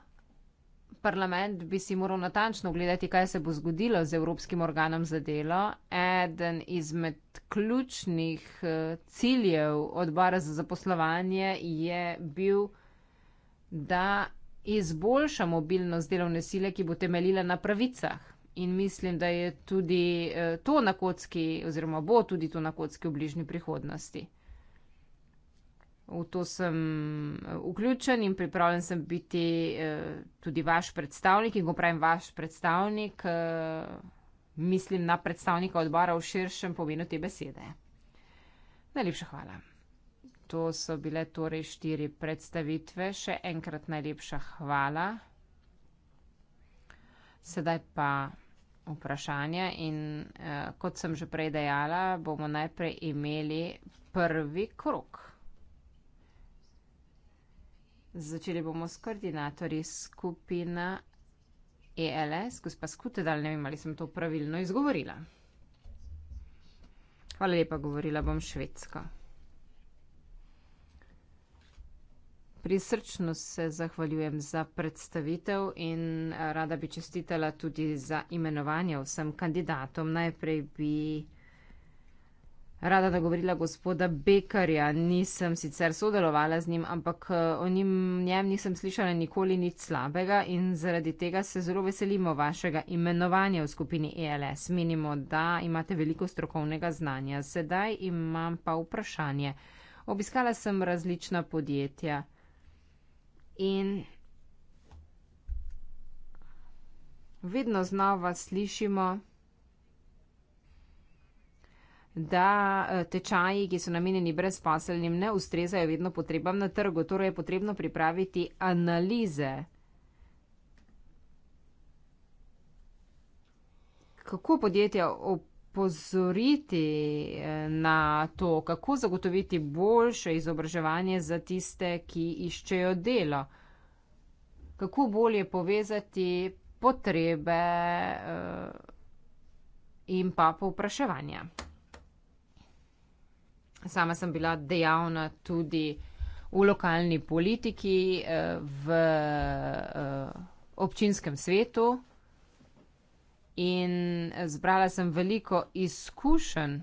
parlament bi si moral natančno gledati, kaj se bo zgodilo z Evropskim organom za delo. Eden izmed ključnih eh, ciljev odbora za zaposlovanje je bil da izboljša mobilnost delovne sile, ki bo temeljila na pravicah. In mislim, da je tudi eh, to na kocki, oziroma bo tudi to na kocki v bližnji prihodnosti. V to sem eh, vključen in pripravljen sem biti eh, tudi vaš predstavnik in ko pravim vaš predstavnik, mislim na predstavnika odbora v širšem pomenu te besede. Najlepša hvala to so bile torej štiri predstavitve. Še enkrat najlepša hvala. Sedaj pa vprašanja in eh, kot sem že prej dejala, bomo najprej imeli prvi krok. Začeli bomo s koordinatorji skupina ELS, gospa Skutedal, ne vem, ali sem to pravilno izgovorila. Hvala lepa, govorila bom švedsko. Prisrčno se zahvaljujem za predstavitev in eh, rada bi čestitala tudi za imenovanje vsem kandidatom. Najprej bi rada nagovorila gospoda Bekarja. Nisem sicer sodelovala z njim, ampak eh, o njem nisem slišala nikoli nič slabega in zaradi tega se zelo veselimo vašega imenovanja v skupini ELS. Menimo, da imate veliko strokovnega znanja. Sedaj imam pa vprašanje. Obiskala sem različna podjetja. In vedno znova slišimo, da eh, tečaji, ki so namenjeni brezposelnim, ne ustrezajo vedno potrebam na trgu. Torej je potrebno pripraviti analize. Kako podjetja opozoriti eh, na to, kako zagotoviti boljše izobraževanje za tiste, ki iščejo delo? Kako bolje povezati potrebe eh, in pa povpraševanja? Sama sem bila dejavna tudi v lokalni politiki, eh, v občinskem svetu in zbrala sem veliko izkušenj.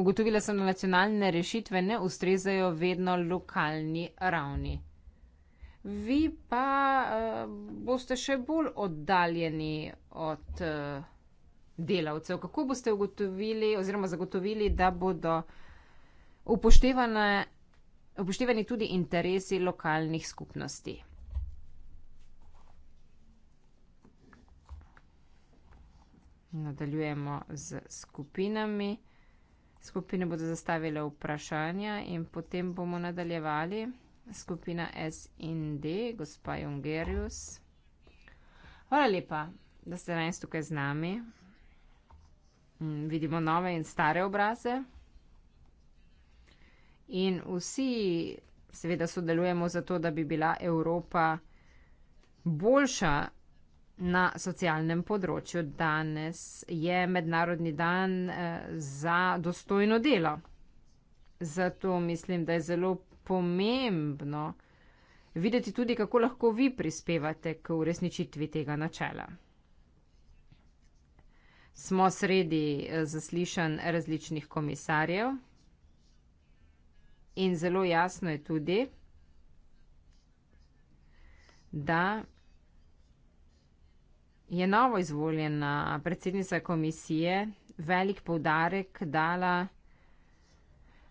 Ugotovila sem, da nacionalne rešitve ne ustrezajo vedno lokalni ravni. Vi pa uh, boste še bolj oddaljeni od uh, delavcev. Kako boste ugotovili oziroma zagotovili, da bodo upoštevani tudi interesi lokalnih skupnosti? Nadaljujemo z skupinami. Skupine bodo zastavile vprašanja in potem bomo nadaljevali. Skupina S in D, gospa Jungerius. Hvala lepa, da ste danes tukaj z nami. Vidimo nove in stare obraze. In vsi seveda sodelujemo za to, da bi bila Evropa boljša na socialnem področju. Danes je mednarodni dan eh, za dostojno delo. Zato mislim, da je zelo pomembno videti tudi, kako lahko vi prispevate k uresničitvi tega načela. Smo sredi eh, zaslišan različnih komisarjev in zelo jasno je tudi, da je novo izvoljena predsednica komisije velik povdarek dala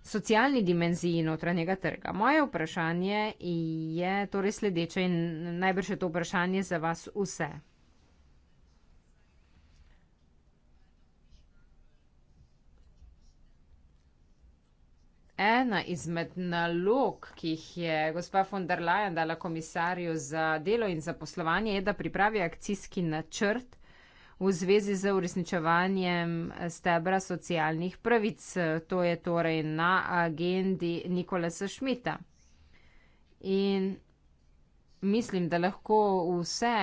socialni dimenziji notranjega trga. Moje vprašanje je torej sledeče in najbrž je to vprašanje za vas vse. ena izmed nalog, ki jih je gospa von der Leyen dala komisarju za delo in za poslovanje, je, da pripravi akcijski načrt v zvezi z uresničevanjem stebra socialnih pravic. To je torej na agendi Nikolasa Šmita. In mislim, da lahko vse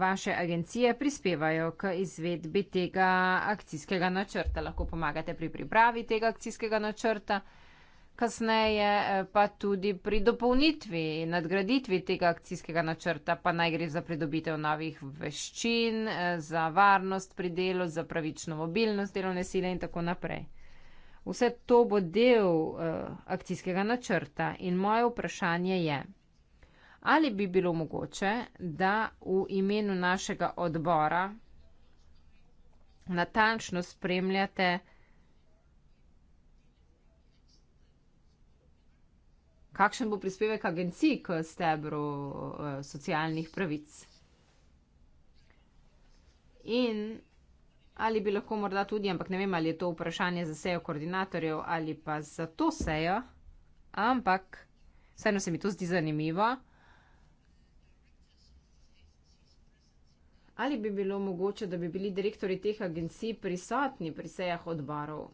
vaše agencije prispevajo k izvedbi tega akcijskega načrta. Lahko pomagate pri pripravi tega akcijskega načrta kasneje eh, pa tudi pri dopolnitvi in nadgraditvi tega akcijskega načrta, pa naj gre za pridobitev novih veščin, eh, za varnost pri delu, za pravično mobilnost delovne sile in tako naprej. Vse to bo del eh, akcijskega načrta in moje vprašanje je, ali bi bilo mogoče, da v imenu našega odbora natančno spremljate, kakšen bo prispevek agencij k stebru eh, socialnih pravic? In ali bi lahko morda tudi, ampak ne vem, ali je to vprašanje za sejo koordinatorjev ali pa za to sejo, ampak vseeno se mi to zdi zanimivo. Ali bi bilo mogoče, da bi bili direktori teh agencij prisotni pri sejah odborov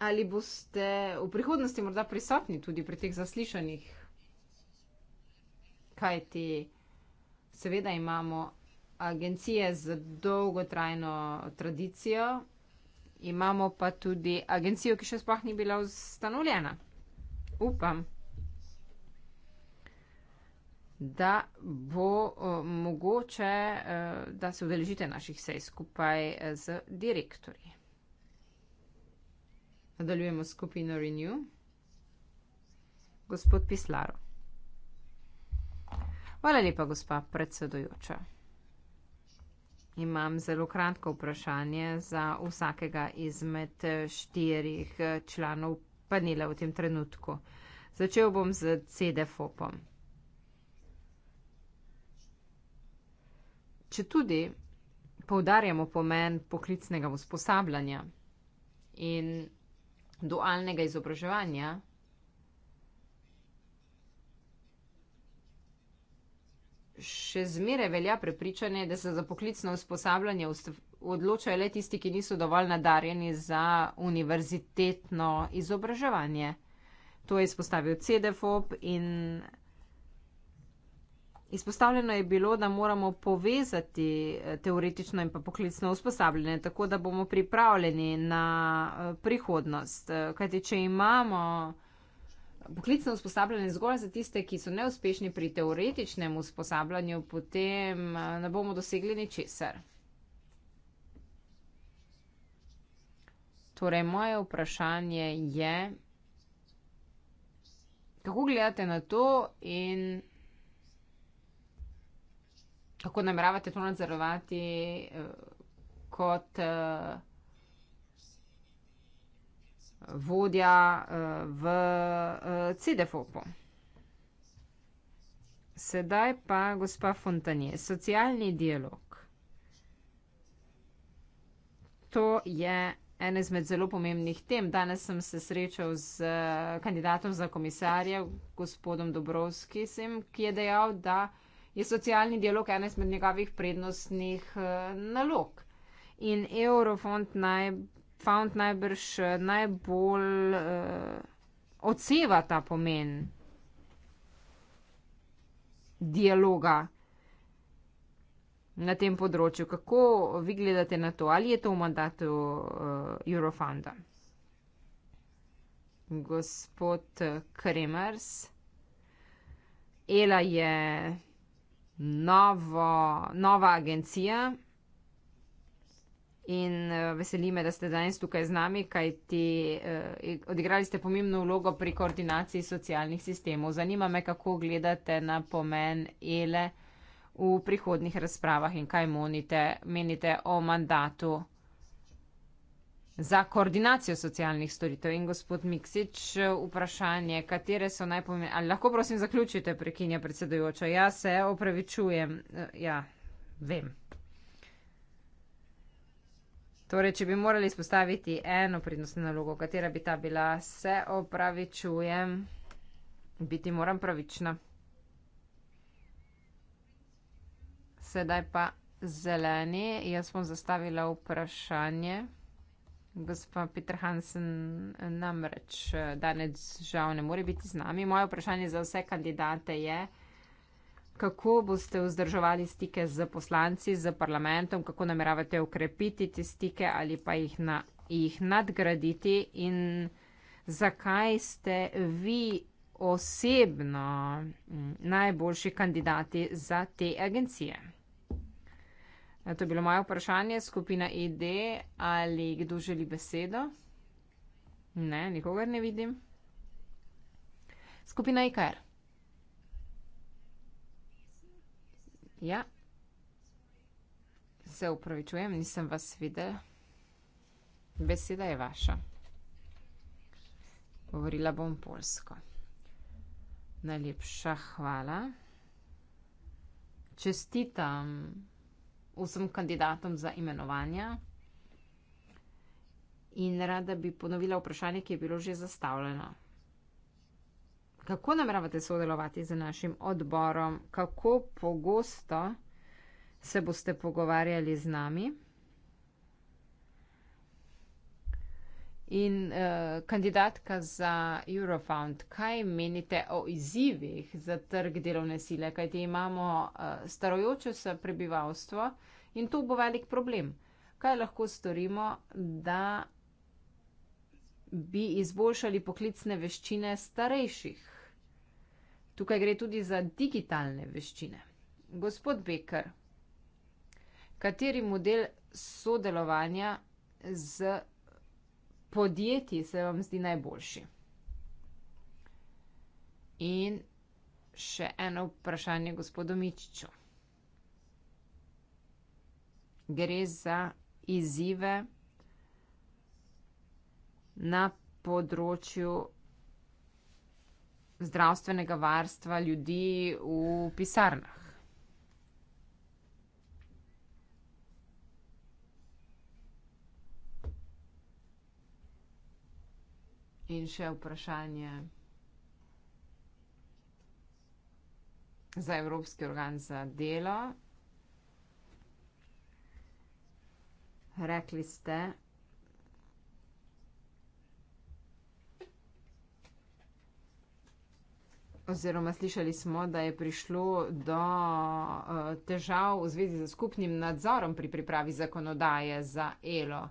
ali boste v prihodnosti morda prisotni tudi pri teh zaslišanjih? Kaj ti, seveda imamo agencije z dolgotrajno tradicijo, imamo pa tudi agencijo, ki še sploh ni bila ustanovljena. Upam, da bo eh, mogoče, eh, da se udeležite naših sej skupaj eh, z direktorji. Nadaljujemo skupino Renew. Gospod Pislaro. Hvala lepa, gospa predsedujoča. Imam zelo kratko vprašanje za vsakega izmed štirih članov panela v tem trenutku. Začel bom z CDFOP-om. Če tudi poudarjamo pomen poklicnega usposabljanja in dualnega izobraževanja. Še zmeraj velja prepričanje, da se za poklicno usposabljanje odločajo le tisti, ki niso dovolj nadarjeni za univerzitetno izobraževanje. To je izpostavil CDFOP in Izpostavljeno je bilo, da moramo povezati eh, teoretično in pa poklicno usposabljanje, tako da bomo pripravljeni na eh, prihodnost. Eh, kajti, če imamo poklicno usposabljanje zgolj za tiste, ki so neuspešni pri teoretičnem usposabljanju, potem ne bomo dosegli ničesar. Torej, moje vprašanje je, kako gledate na to in. Kako nameravate to nadzorovati uh, kot uh, vodja uh, v uh, CDFOP-u? Sedaj pa, gospa Fontanje, socialni dialog. To je ena izmed zelo pomembnih tem. Danes sem se srečal z kandidatom za komisarja, gospodom Dobrovskisem, ki je dejal, da je socialni dialog ena izmed njegovih prednostnih eh, nalog. In Eurofond naj, Fund najbrž eh, najbolj uh, odseva ta pomen dialoga na tem področju. Kako vi gledate na to? Ali je to v mandatu uh, Eurofonda? Gospod Kremers, Ela je novo, nova agencija. In eh, veseli me, da ste danes tukaj z nami, kaj ti eh, odigrali ste pomembno vlogo pri koordinaciji socialnih sistemov. Zanima me, kako gledate na pomen ELE v prihodnih razpravah in kaj monite, menite o mandatu za koordinacijo socialnih storitev. In gospod Miksič, vprašanje, katere so najpomembnejše. Ali lahko prosim zaključite, prekinja predsedujoča? Ja, se opravičujem. E, ja, vem. Torej, če bi morali izpostaviti eno prednostno nalogo, katera bi ta bila, se opravičujem, biti moram pravična. Sedaj pa zeleni, jaz bom zastavila vprašanje. Gospa Peter Hansen namreč eh, danes žal ne more biti z nami. Moje vprašanje za vse kandidate je, kako boste vzdrževali stike z poslanci, z parlamentom, kako nameravate ukrepiti te stike ali pa jih, na, jih nadgraditi in zakaj ste vi osebno mm, najboljši kandidati za te agencije. E, to je bilo moje vprašanje, skupina ED, ali kdo želi besedo? Ne, nikogar ne vidim. Skupina IKR. E ja, se upravičujem, nisem vas videla. Beseda je vaša. Govorila bom polsko. Najlepša hvala. Čestitam vsem kandidatom za imenovanja. In rada bi ponovila vprašanje, ki je bilo že zastavljeno. Kako nameravate sodelovati z našim odborom? Kako pogosto se boste pogovarjali z nami? In uh, kandidatka za Eurofound, kaj menite o izzivih za trg delovne sile, kajti imamo uh, starojoče se prebivalstvo in to bo velik problem. Kaj lahko storimo, da bi izboljšali poklicne veščine starejših? Tukaj gre tudi za digitalne veščine. Gospod Beker, kateri model sodelovanja z podjetij se vam zdi najboljši? In še eno vprašanje gospodu Mičiču. Gre za izzive na področju zdravstvenega varstva ljudi v pisarnah. In še vprašanje za Evropski organ za delo. Rekli ste, oziroma slišali smo, da je prišlo do eh, težav v zvezi z skupnim nadzorom pri pripravi zakonodaje za ELO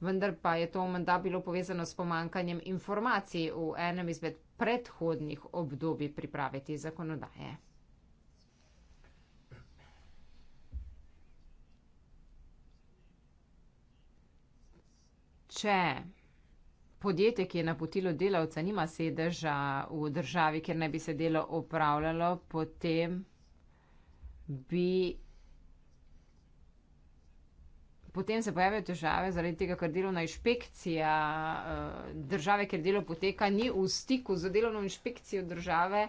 vendar pa je to menda bilo povezano s pomankanjem informacij v enem izmed predhodnih obdobij priprave te zakonodaje. Če podjetje, ki je napotilo delavca, nima sedeža v državi, kjer naj bi se delo opravljalo, potem bi potem se pojavijo težave zaradi tega, ker delovna inšpekcija eh, države, kjer delo poteka, ni v stiku z delovno inšpekcijo države,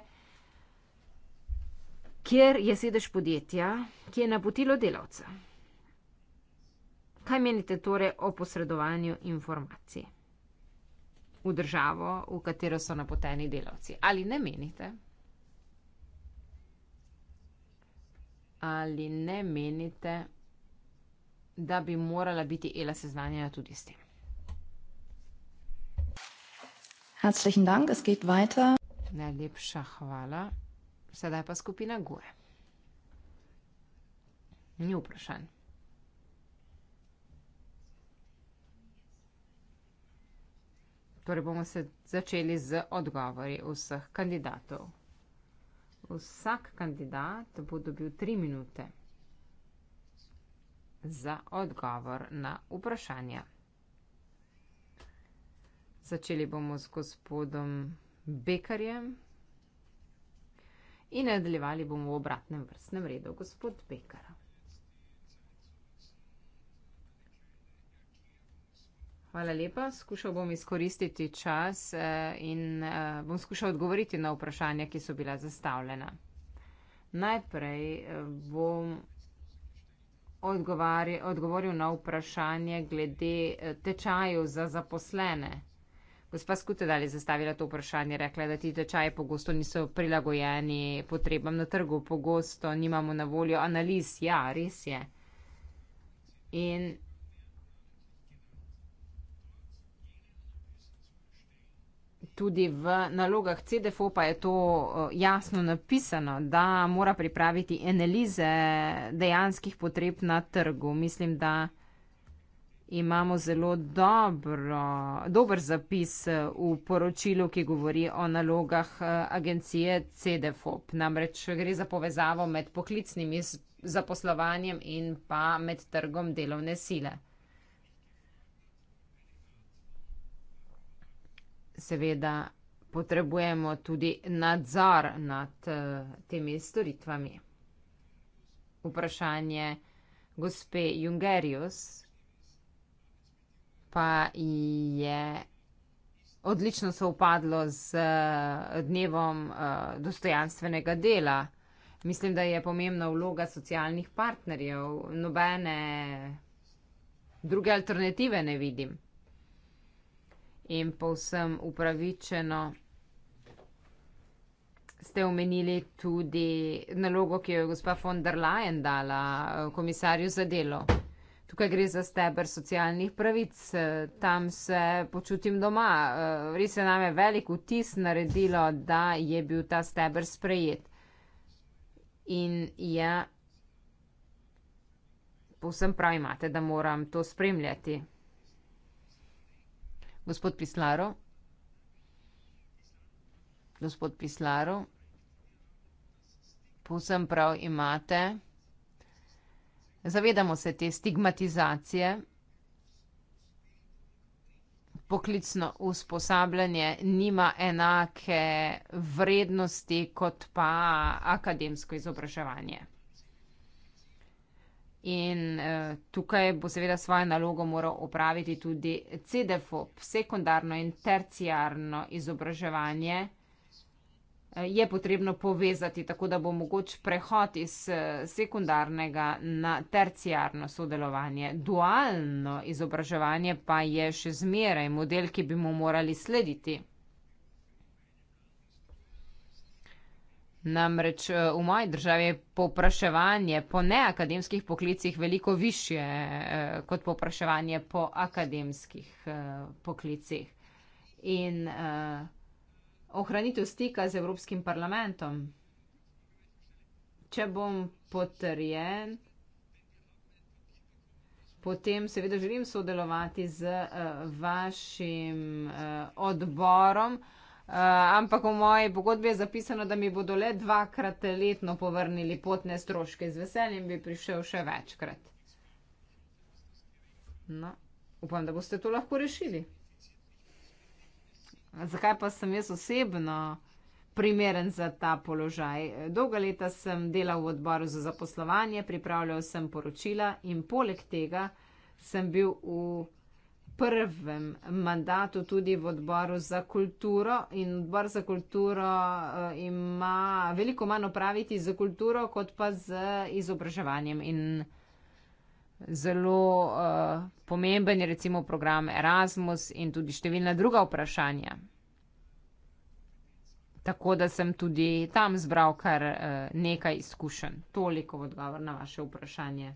kjer je sedež podjetja, ki je napotilo delavca. Kaj menite torej o posredovanju informacij v državo, v katero so napoteni delavci? Ali ne menite? Ali ne menite, da bi morala biti Ela seznanjena tudi s tem. Herzlichen Dank, es geht weiter. Najlepša hvala. Sedaj pa skupina Gue. Ni vprašanj. Torej bomo se začeli z odgovori vseh kandidatov. Vsak kandidat bo dobil tri minute za odgovor na vprašanja. Začeli bomo z gospodom Bekarjem in nadaljevali bomo v obratnem vrstnem redu. Gospod Bekar. Hvala lepa. Skušal bom izkoristiti čas eh, in eh, bom skušal odgovoriti na vprašanja, ki so bila zastavljena. Najprej eh, bom odgovarja, odgovoril na vprašanje glede eh, tečajev za zaposlene. Gospa Skutedal je zastavila to vprašanje, rekla, da ti tečaji pogosto niso prilagojeni potrebam na trgu, pogosto nimamo na voljo analiz. Ja, res je. In tudi v nalogah CDFO pa je to eh, jasno napisano, da mora pripraviti analize dejanskih potreb na trgu. Mislim, da imamo zelo dobro, dober zapis eh, v poročilu, ki govori o nalogah eh, agencije CDFO. Namreč gre za povezavo med poklicnim zaposlovanjem in pa med trgom delovne sile. seveda potrebujemo tudi nadzor nad eh, temi storitvami. Vprašanje gospe Jungerius pa je odlično soupadlo z eh, dnevom eh, dostojanstvenega dela. Mislim, da je pomembna vloga socialnih partnerjev. Nobene druge alternative ne vidim in povsem upravičeno ste omenili tudi nalogo, ki jo je gospa von der Leyen dala eh, komisarju za delo. Tukaj gre za steber socialnih pravic, eh, tam se počutim doma. Eh, res je name velik vtis naredilo, da je bil ta steber sprejet. In ja, povsem prav imate, da moram to spremljati. Gospod Pislaro. Gospod Pislaro. Povsem prav imate. Zavedamo se te stigmatizacije. Poklicno usposabljanje nima enake vrednosti kot pa akademsko izobraževanje. In uh, tukaj bo seveda svojo nalogo moral opraviti tudi CDFO, sekundarno in terciarno izobraževanje. Eh, je potrebno povezati tako, da bo mogoč prehod iz eh, sekundarnega na terciarno sodelovanje. Dualno izobraževanje pa je še zmeraj model, ki bi mu morali slediti. Namreč eh, v moji državi je popraševanje po neakademskih poklicih veliko više eh, kot popraševanje po akademskih eh, poklicih. In uh, ohranitev stika z Evropskim parlamentom. Če bom potrjen, potem seveda želim sodelovati z uh, vašim uh, odborom. Eh, ampak v moji pogodbi je zapisano, da mi bodo le dvakrat letno povrnili potne stroške. Z veseljem bi prišel še večkrat. No, upam, da boste to lahko rešili. Zakaj pa sem jaz osebno primeren za ta položaj? Dolga leta sem delal v odboru za zaposlovanje, pripravljal sem poročila in poleg tega sem bil v prvem mandatu tudi v odboru za kulturo in odbor za kulturo eh, ima veliko manj opraviti za kulturo, kot pa z izobraževanjem in zelo uh, pomemben je recimo program Erasmus in tudi številna druga vprašanja. Tako da sem tudi tam zbral kar uh, nekaj izkušenj. Toliko v odgovor na vaše vprašanje.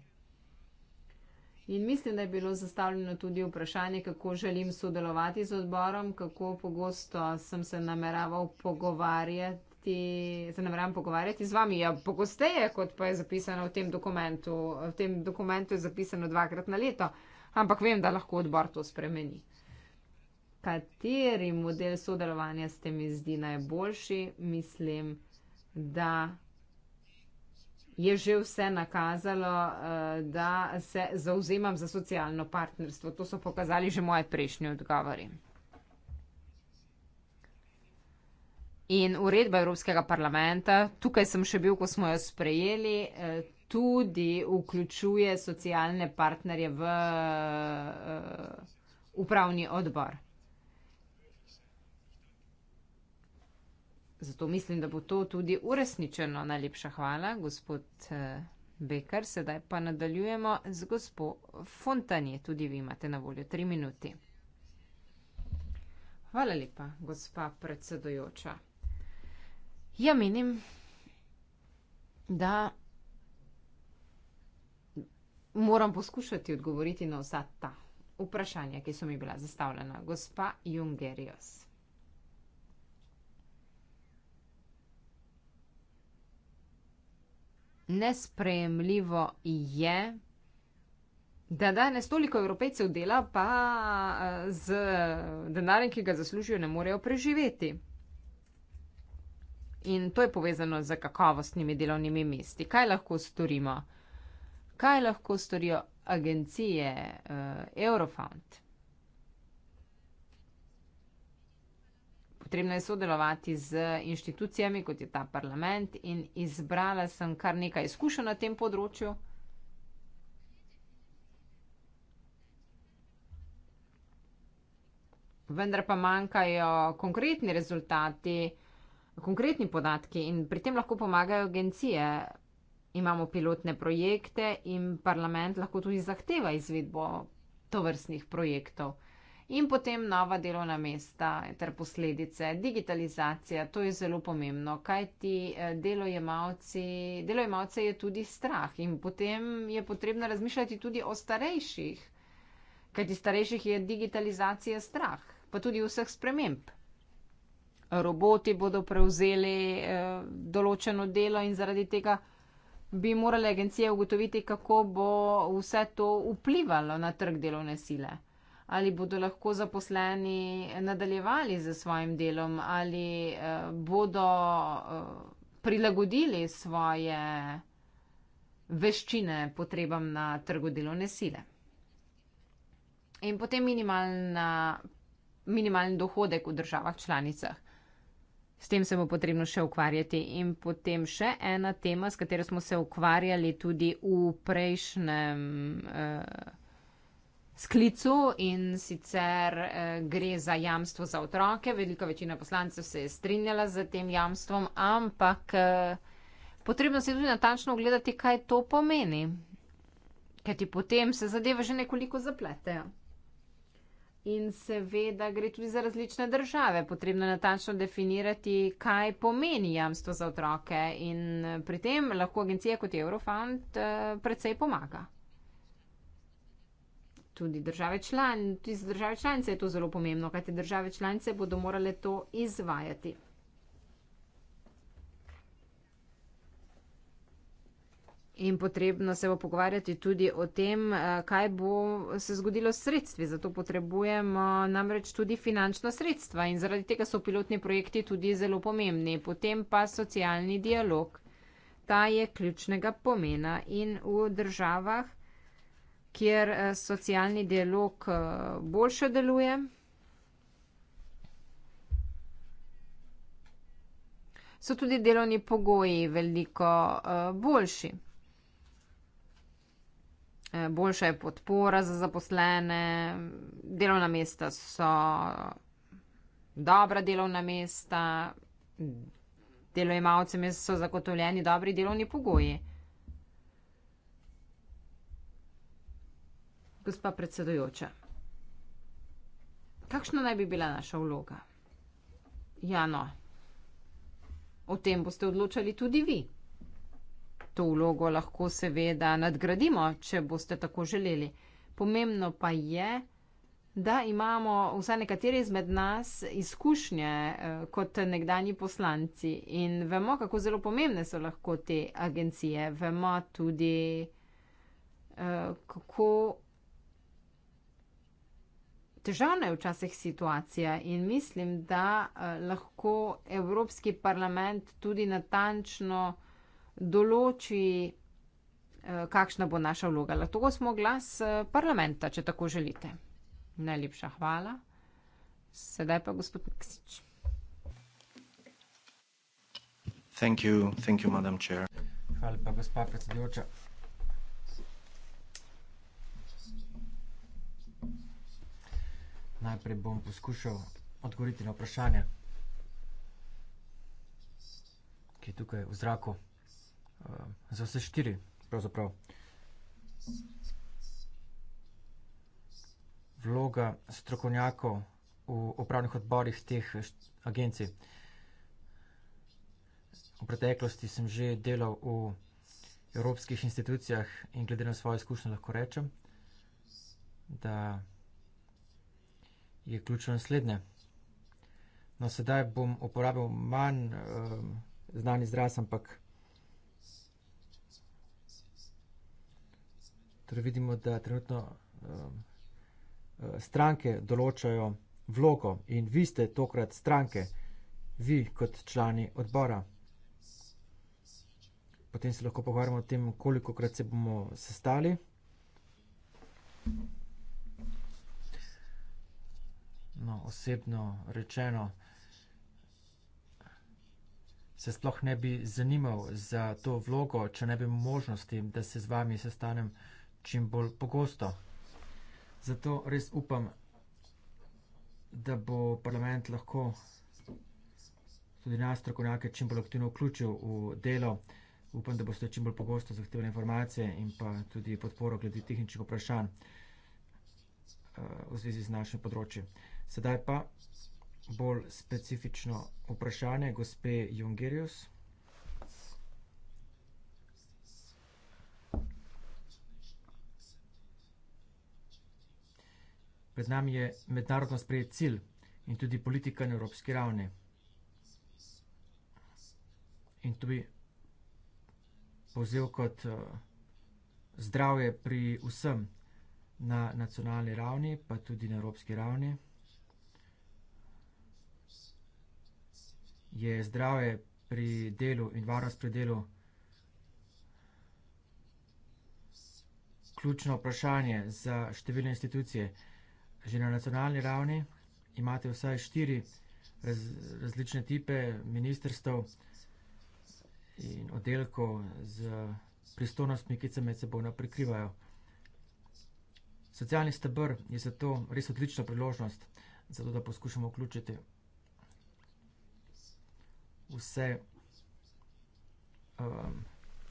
In mislim, da je bilo zastavljeno tudi vprašanje, kako želim sodelovati z odborom, kako pogosto sem se nameraval pogovarjati. Ti, se nameravam pogovarjati z vami, ja, pogosteje, kot pa je zapisano v tem dokumentu. V tem dokumentu je zapisano dvakrat na leto, ampak vem, da lahko odbor to spremeni. Kateri model sodelovanja ste mi zdi najboljši? Mislim, da je že vse nakazalo, eh, da se zauzemam za socialno partnerstvo. To so pokazali že moje prejšnje odgovori. In uredba Evropskega parlamenta, tukaj sem še bil, ko smo jo sprejeli, eh, tudi vključuje socialne partnerje v eh, upravni odbor. Zato mislim, da bo to tudi uresničeno. Najlepša hvala, gospod eh, Bekar. Sedaj pa nadaljujemo z gospod Fontanje. Tudi vi imate na voljo tri minuti. Hvala lepa, gospa predsedojoča. Ja, menim, da moram poskušati odgovoriti na vsa ta vprašanja, ki so mi bila zastavljena. Gospa Jungerios. nesprejemljivo je, da danes toliko evropejcev dela, pa z denarjem, ki ga zaslužijo, ne morejo preživeti. In to je povezano z kakovostnimi delovnimi mesti. Kaj lahko storimo? Kaj lahko storijo agencije e, Eurofound? Potrebno je sodelovati z inštitucijami, kot je ta parlament, in izbrala sem kar nekaj izkušenj na tem področju. Vendar pa manjkajo konkretni rezultati, konkretni podatki in pri tem lahko pomagajo agencije. Imamo pilotne projekte in parlament lahko tudi zahteva izvedbo tovrstnih projektov in potem nova delovna mesta ter posledice. Digitalizacija, to je zelo pomembno, kaj ti eh, delojemalce je tudi strah in potem je potrebno razmišljati tudi o starejših, kaj ti starejših je digitalizacija strah, pa tudi vseh sprememb. Roboti bodo prevzeli eh, določeno delo in zaradi tega bi morale agencije ugotoviti, kako bo vse to vplivalo na trg delovne sile ali bodo lahko zaposleni nadaljevali z svojim delom, ali eh, bodo eh, prilagodili svoje veščine potrebam na trgu delovne sile. In potem minimalna, minimalni dohodek v državah članicah. S tem se bo potrebno še ukvarjati. In potem še ena tema, s katero smo se ukvarjali tudi v prejšnjem. Eh, sklicu in sicer eh, gre za jamstvo za otroke. Veliko večina poslancev se je strinjala z tem jamstvom, ampak eh, potrebno se je tudi natančno ogledati, kaj to pomeni. Ker ti potem se zadeve že nekoliko zapletejo. In seveda gre tudi za različne države. Potrebno je natančno definirati, kaj pomeni jamstvo za otroke. In eh, pri tem lahko agencija kot Eurofund precej pomaga tudi države članice, tudi za države članice je to zelo pomembno, kajti države članice bodo morale to izvajati. In potrebno se bo pogovarjati tudi o tem, eh, kaj bo se zgodilo s sredstvi. Zato potrebujemo namreč tudi finančna sredstva in zaradi tega so pilotni projekti tudi zelo pomembni. Potem pa socialni dialog. Ta je ključnega pomena in v državah kjer eh, socialni dialog eh, boljše deluje. So tudi delovni pogoji veliko eh, boljši. Boljša je podpora za zaposlene, delovna mesta so dobra delovna mesta, delojemalcem so zagotovljeni dobri delovni pogoji. Gospa predsedujoča, kakšna naj bi bila naša vloga? Ja, no. O tem boste odločali tudi vi. To vlogo lahko seveda nadgradimo, če boste tako želeli. Pomembno pa je, da imamo vsaj nekateri izmed nas izkušnje eh, kot nekdani poslanci in vemo, kako zelo pomembne so lahko te agencije. Vemo tudi, eh, kako Težavna je včasih situacija in mislim, da eh, lahko Evropski parlament tudi natančno določi, eh, kakšna bo naša vloga. Lahko smo glas eh, parlamenta, če tako želite. Najlepša hvala. Sedaj pa gospod Miksič. Thank you, thank you, Hvala pa gospa predsedujoča. Najprej bom poskušal odgovoriti na vprašanje, ki je tukaj v zraku. Uh, za vse štiri, pravzaprav. Vloga strokovnjakov v upravnih odborih teh agencij. V preteklosti sem že delal v evropskih institucijah in glede na svoje izkušnje lahko rečem, da je ključno naslednje. No, sedaj bom uporabil manj um, znani izraz, ampak torej vidimo, da trenutno um, stranke določajo vlogo in vi ste tokrat stranke, vi kot člani odbora. Potem se lahko pogovarjamo o tem, koliko krat se bomo sestali. Thank mm -hmm. you no, osebno rečeno, se sploh ne bi zanimal za to vlogo, če ne bi možnosti, da se z vami sestanem čim bolj pogosto. Zato res upam, da bo parlament lahko tudi nas, strokovnjake, čim bolj aktivno vključil v delo. Upam, da boste čim bolj pogosto zahtevali informacije in pa tudi podporo glede tehničnih vprašanj eh, v zvezi z našim področjem. Sedaj pa bolj specifično vprašanje gospe Jungerius. Pred nami je mednarodno sprejet cilj in tudi politika na evropski ravni. In to bi povzel kot uh, zdravje pri vsem na nacionalni ravni, pa tudi na evropski ravni. je zdravje pri delu in varnost pri delu ključno vprašanje za številne institucije. Že na nacionalni ravni imate vsaj štiri raz, različne tipe ministrstv in oddelkov z pristojnostmi, ki se med seboj naprikrivajo. Socialni stebr je zato res odlična priložnost, zato da poskušamo vključiti vse um,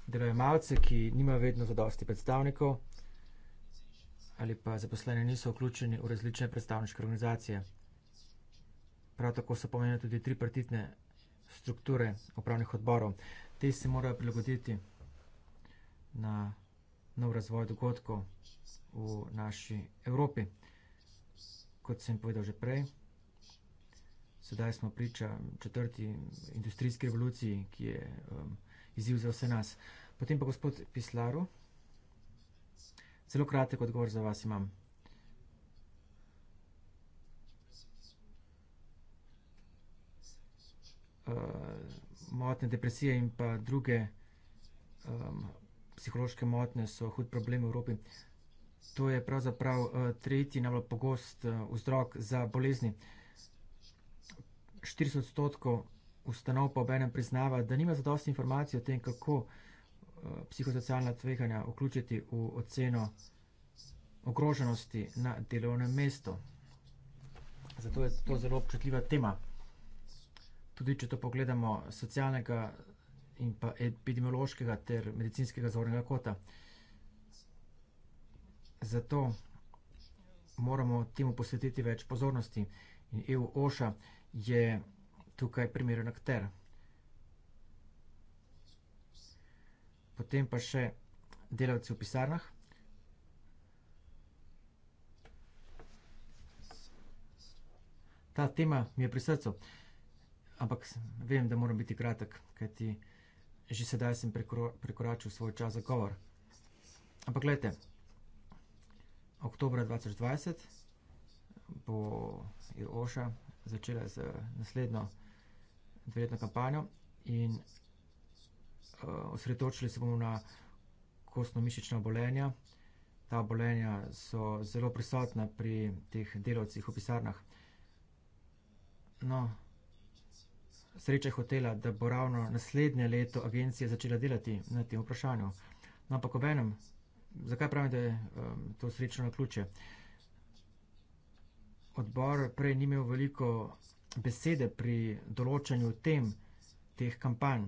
delojemalce, ki nima vedno zadosti predstavnikov ali pa zaposlene niso vključeni v različne predstavniške organizacije. Prav tako so pomenili tudi tri partitne strukture upravnih odborov. Te se morajo prilagoditi na nov razvoj dogodkov v naši Evropi. Kot sem povedal že prej, Sedaj smo priča četrti industrijski revoluciji, ki je um, izziv za vse nas. Potem pa gospod Pislaru. Zelo kratek odgovor za vas imam. Uh, motne depresije in pa druge um, psihološke motne so hud problem v Evropi. To je pravzaprav uh, tretji najbolj pogost uh, vzrok za bolezni. Uh, 40 odstotkov ustanov pa obenem priznava, da nima zadosti informacij o tem, kako eh, psihosocialna tveganja vključiti v oceno ogroženosti na delovnem mestu. Zato je to zelo občutljiva tema. Tudi, če to pogledamo socialnega in pa epidemiološkega ter medicinskega zornega kota. Zato moramo temu posvetiti več pozornosti. In EU OŠA je tukaj primeren akter. Potem pa še delavci v pisarnah. Ta tema mi je pri srcu, ampak vem, da moram biti kratek, kajti že sedaj sem prekoračil svoj čas za govor. Ampak gledajte, oktober 2020 bo Iroša začela z naslednjo dveletno kampanjo in uh, osredotočili se bomo na kostno-mišična bolenja. Ta bolenja so zelo prisotna pri teh delovcih v pisarnah. No, sreče hotela, da bo ravno naslednje leto agencija začela delati na tem vprašanju. No, ampak ob enem, zakaj pravim, da je um, to srečno na ključe? Uh, odbor prej ni imel veliko besede pri določanju tem teh kampanj,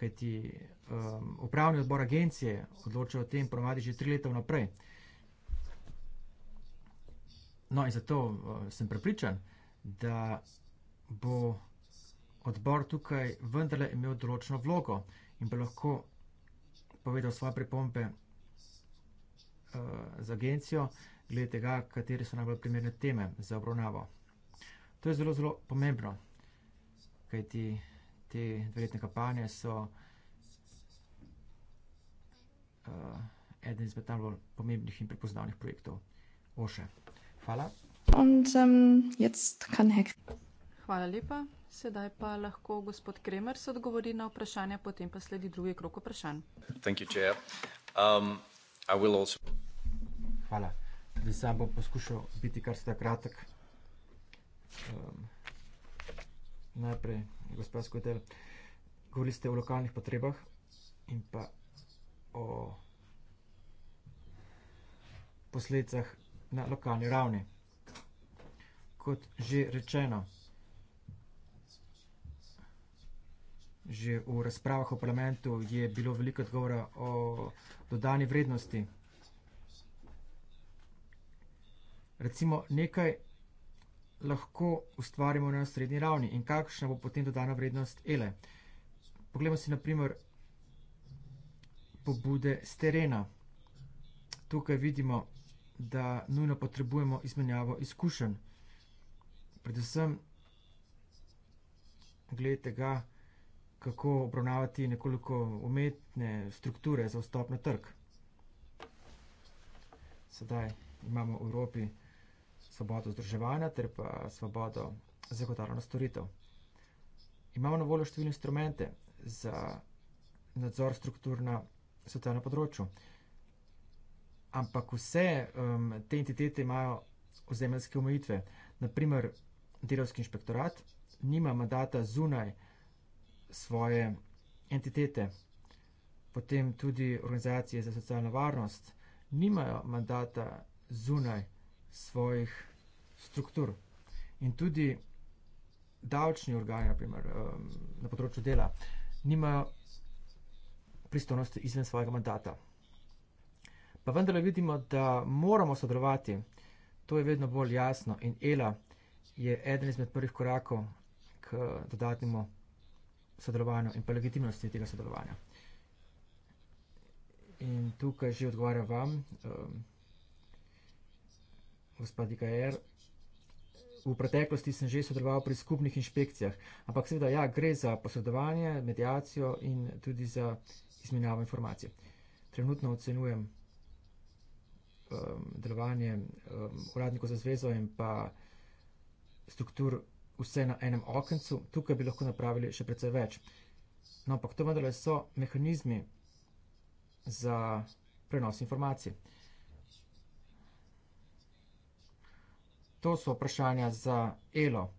kajti um, upravni odbor agencije odloča o tem ponovadi že tri leta vnaprej. No in zato uh, sem prepričan, da bo odbor tukaj vendarle imel določeno vlogo in bo lahko povedal svoje pripombe uh, z agencijo glede tega, katere so najbolj primerne teme za obravnavo. To je zelo, zelo pomembno, kajti te dveletne kampanje so uh, eden izmed najbolj pomembnih in prepoznavnih projektov OŠE. Hvala. Und, um, Hvala lepa. Sedaj pa lahko gospod Kremer se odgovori na vprašanje, potem pa sledi drugi krok vprašanj. Um, Hvala. Tudi sam bom poskušal biti kar sta kratek. Um, najprej, gospod Skotel, govorili ste o lokalnih potrebah in pa o posledicah na lokalni ravni. Kot že rečeno, že v razpravah v parlamentu je bilo veliko odgovora o dodani vrednosti recimo nekaj lahko ustvarimo na srednji ravni in kakšna bo potem dodana vrednost ele. Poglejmo si naprimer pobude z terena. Tukaj vidimo, da nujno potrebujemo izmenjavo izkušenj. Predvsem glede tega, kako obravnavati nekoliko umetne strukture za vstop na trg. Sedaj imamo v Evropi vsega, svobodo združevanja ter pa svobodo zagotavljanja storitev. Imamo na voljo številne instrumente za nadzor struktur na svetovnem področju, ampak vse um, te entitete imajo ozemeljske omejitve. Naprimer, delovski inšpektorat nima mandata zunaj svoje entitete, potem tudi organizacije za socialno varnost nimajo mandata zunaj svojih struktur. In tudi davčni organi, naprimer, um, na področju dela, nimajo pristojnosti izven svojega mandata. Pa vendarle vidimo, da moramo sodelovati, to je vedno bolj jasno in ELA je eden izmed prvih korakov k dodatnemu sodelovanju in pa legitimnosti tega sodelovanja. In tukaj že odgovarjam vam, um, gospod Dikajer, V preteklosti sem že sodeloval pri skupnih inšpekcijah, ampak seveda, ja, gre za posredovanje, medijacijo in tudi za izmenjavo informacij. Trenutno ocenujem um, delovanje um, uradnikov za zvezo in pa struktur vse na enem okencu. Tukaj bi lahko napravili še precej več. No, ampak to vendarle so mehanizmi za prenos informacij. To so vprašanja za Elo.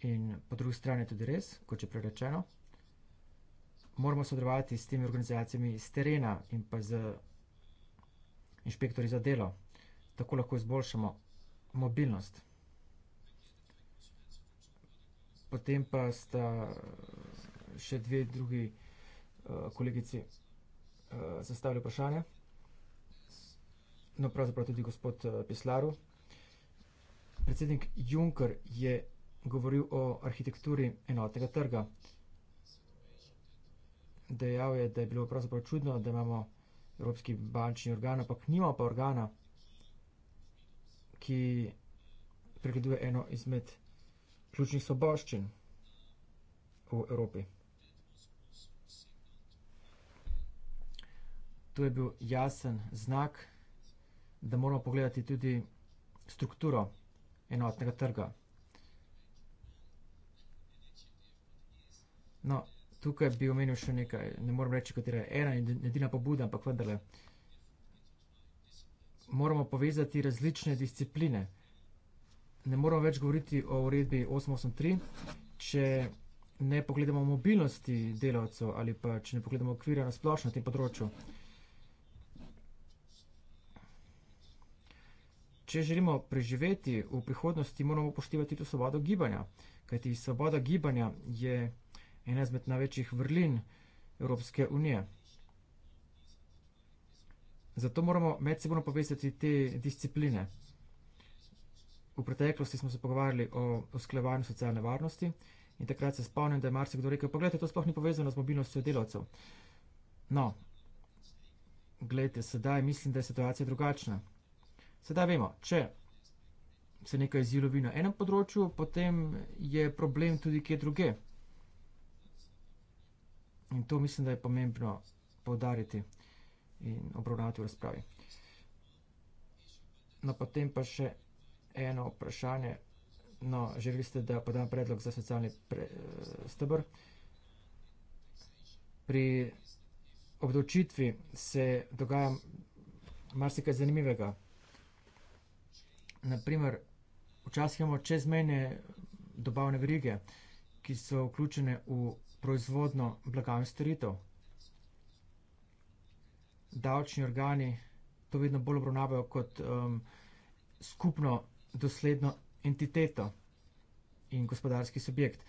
In po drugi strani tudi res, kot je prerečeno, moramo sodelovati s temi organizacijami iz terena in pa z inšpektori za delo. Tako lahko izboljšamo mobilnost. Potem pa sta še dve drugi uh, kolegici uh, zastavili vprašanje no, pravzaprav tudi gospod eh, Pislaru. Predsednik Juncker je govoril o arhitekturi enotnega trga. Dejal je, da je bilo pravzaprav čudno, da imamo Evropski bančni organ, ampak nimamo pa organa, ki pregleduje eno izmed ključnih soboščin v Evropi. To je bil jasen znak, da moramo pogledati tudi strukturo enotnega trga. No, tukaj bi omenil še nekaj, ne moram reči, katera je ena in edina pobuda, ampak vendarle. Moramo povezati različne discipline. Ne moramo več govoriti o uredbi 883, če ne pogledamo mobilnosti delavcev ali pa če ne pogledamo okvira na splošno na tem področju. če želimo preživeti v prihodnosti, moramo upoštevati tudi svobodo gibanja. Kajti svoboda gibanja je ena izmed največjih vrlin Evropske unije. Zato moramo medsebojno povezati te discipline. V preteklosti smo se pogovarjali o usklajevanju socialne varnosti in takrat se spomnim, da je marsikdo rekel, pa gledajte, to sploh ni povezano z mobilnostjo delavcev. No, gledajte, sedaj mislim, da je situacija drugačna. Sedaj vemo, če se nekaj izjelovi na enem področju, potem je problem tudi kje druge. In to mislim, da je pomembno povdariti in obravnavati v razpravi. No, potem pa še eno vprašanje. No, želeli ste, da podam predlog za socialni pre, eh, stebr. Pri obdočitvi se dogaja marsikaj zanimivega naprimer, včasih imamo čezmejne dobavne verige, ki so vključene v proizvodno blagajno storitev. Davčni organi to vedno bolj obravnavajo kot um, skupno dosledno entiteto in gospodarski subjekt.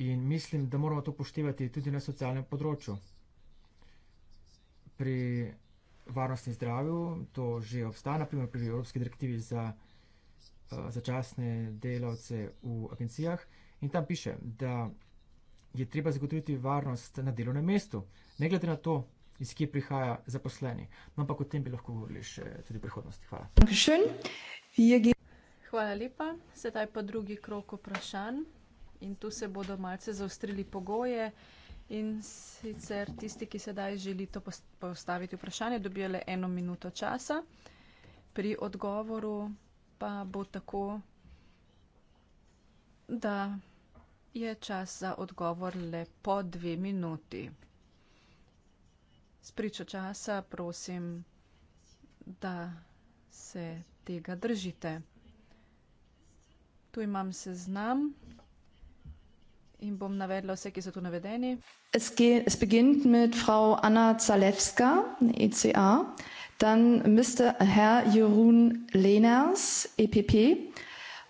In mislim, da moramo to poštevati tudi na socialnem področju. Pri varnosti in zdravju to že obstaja, naprimer pri Evropski direktivi za Eh, začasne delavce v agencijah in tam piše, da je treba zagotoviti varnost na delovnem mestu, ne glede na to, iz kje prihaja zaposleni. No, ampak o tem bi lahko govorili še tudi v prihodnosti. Hvala. Hvala lepa. Sedaj pa drugi krok vprašanj in tu se bodo malce zaostrili pogoje. In sicer tisti, ki sedaj želi to postaviti vprašanje, dobijo le eno minuto časa. Pri odgovoru pa bo tako, da je čas za odgovor le po dve minuti. Spričo časa prosim, da se tega držite. Tu imam seznam in bom navedla vse, ki so tu navedeni. Es, ge, es beginnt mit Frau Anna Zalewska, ECA. Dann Mr. Herr Jeroen Lehners, EPP.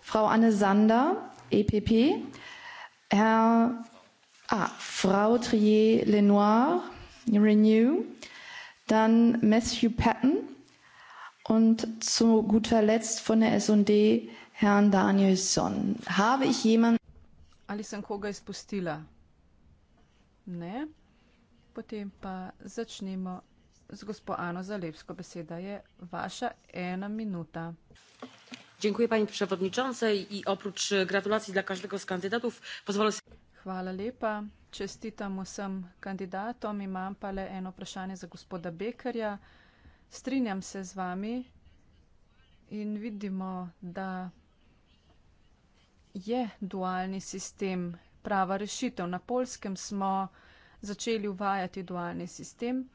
Frau Anne Sander, EPP. Herr, ah, Frau Trier Lenoir, Renew. Dann Matthew Patton. Und zu guter Letzt von der SD Herrn Danielson. Habe ich jemanden. Alison Koga ist Pustila. Ne? Potem pa začnemo z gospo Ano Zalepsko. Beseda je vaša ena minuta. Dziękuję pani przewodniczącej i oprócz e, gratulacji dla każdego z kandydatów pozwolę sobie... Hvala lepa, čestitam vsem kandidatom, imam pa le eno vprašanje za gospoda Bekerja. Strinjam se z vami in vidimo, da je dualni sistem prava rešitev. Na polskem smo začeli uvajati dualni sistem.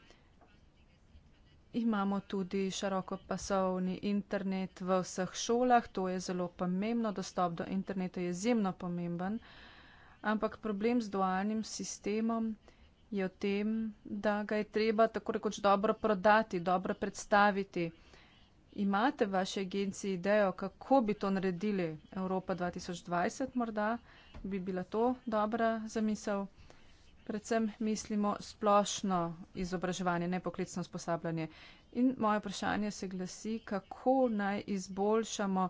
Imamo tudi širokopasovni internet v vseh šolah, to je zelo pomembno, dostop do interneta je izjemno pomemben, ampak problem z dualnim sistemom je v tem, da ga je treba tako rekoč dobro prodati, dobro predstaviti. Imate v vaši agenciji idejo, kako bi to naredili Evropa 2020 morda? Bi bila to dobra zamisel? Predvsem mislimo splošno izobraževanje, ne poklicno usposabljanje. In moje vprašanje se glasi, kako naj izboljšamo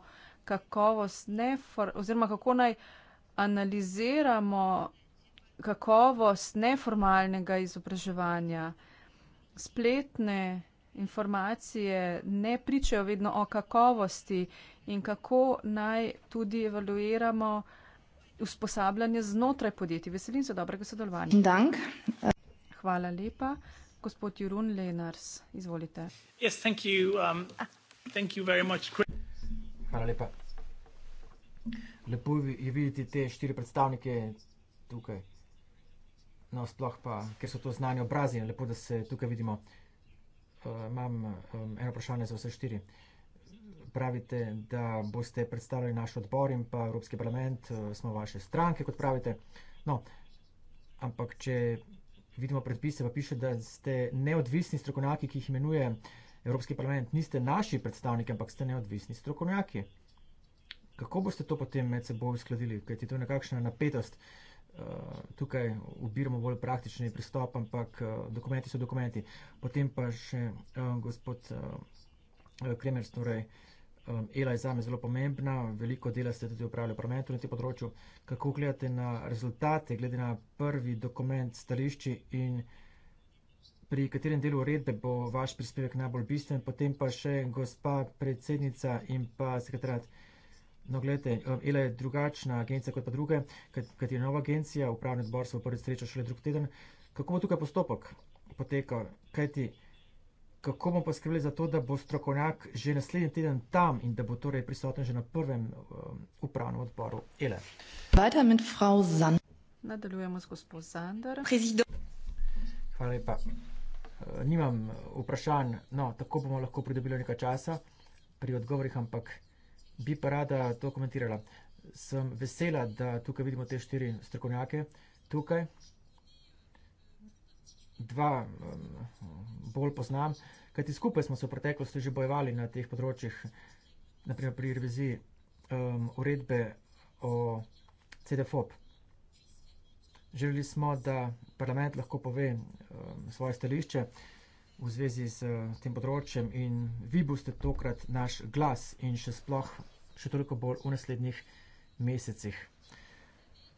kakovost, nefor, oziroma kako naj analiziramo kakovost neformalnega izobraževanja. Spletne informacije ne pričajo vedno o kakovosti in kako naj tudi evaluiramo usposabljanje znotraj podjetij. Veselim se dobrega sodelovanja. Dank. Hvala lepa. Gospod Jurun Lenars, izvolite. Yes, thank you. Um, thank you Hvala lepa. Lepo je videti te štiri predstavnike tukaj. No, sploh pa, ker so to znani obrazi, lepo, da se tukaj vidimo. Uh, imam um, eno vprašanje za vse štiri. Uh, pravite, da boste predstavljali naš odbor in pa Evropski parlament, eh, smo vaše stranke, kot pravite. No, ampak če vidimo predpise, pa piše, da ste neodvisni strokovnjaki, ki jih imenuje Evropski parlament, niste naši predstavniki, ampak ste neodvisni strokovnjaki. Kako boste to potem med seboj uskladili? Ker je to nekakšna napetost. Eh, tukaj ubiramo bolj praktični pristop, ampak eh, dokumenti so dokumenti. Potem pa še gospod Kremers, torej. Um, ELA je zame zelo pomembna, veliko dela ste tudi upravljali v prometu na tem področju. Kako gledate na rezultate, glede na prvi dokument stališči in pri katerem delu uredbe bo vaš prispevek najbolj bistven, potem pa še gospa predsednica in pa sekretarat. No, gledajte, um, ELA je drugačna agencija kot pa druge, kot je nova agencija, upravni odbor se bo prvi srečal šele drug teden. Kako bo tukaj postopek potekal? Kaj ti? Kako bomo poskrbeli za to, da bo strokovnjak že naslednji teden tam in da bo torej prisoten že na prvem um, upravnem odboru ELE? Nadaljujemo z gospodom Zander. Hvala lepa. Uh, nimam uh, vprašanj, no, tako bomo lahko pridobili nekaj časa pri odgovorih, ampak bi pa rada to komentirala. Sem vesela, da tukaj vidimo te štiri strokovnjake tukaj dva eh, bolj poznam, kajti skupaj smo se v preteklosti že bojevali na teh področjih, naprimer pri reviziji uredbe o CDFOP. Želeli smo, da parlament lahko pove svoje stališče v zvezi s eh, tem področjem in vi boste tokrat naš glas in še sploh še toliko bolj v naslednjih mesecih.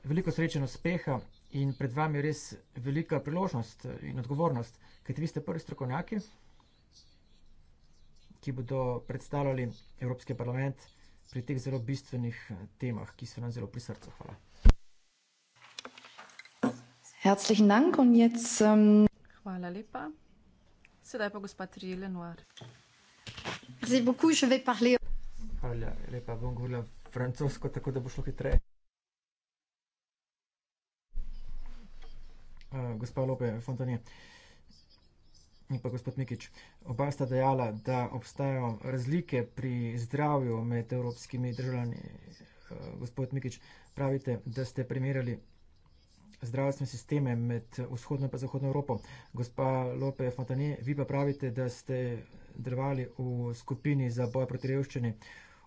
Veliko srečen uspeha. In pred vami je res velika priložnost eh, in odgovornost, kajte vi ste prvi strokovnjaki, ki bodo predstavljali Evropski parlament pri teh zelo bistvenih eh, temah, ki so nam zelo pri srcu. Hvala. Ähm, Hvala lepa. Sedaj pa gospa Trije Lenoir. Hvala lepa, bom govorila francosko, tako da bo šlo hitreje. Eh, gospa Lope Fontanje in pa gospod Mikič, oba sta dejala, da obstajajo razlike pri zdravju med evropskimi državljani. Eh, gospod Mikič, pravite, da ste primerjali zdravstvene sisteme med vzhodno in pa zahodno Evropo. Gospa Lope Fontanje, vi pa pravite, da ste drvali v skupini za boj proti revščini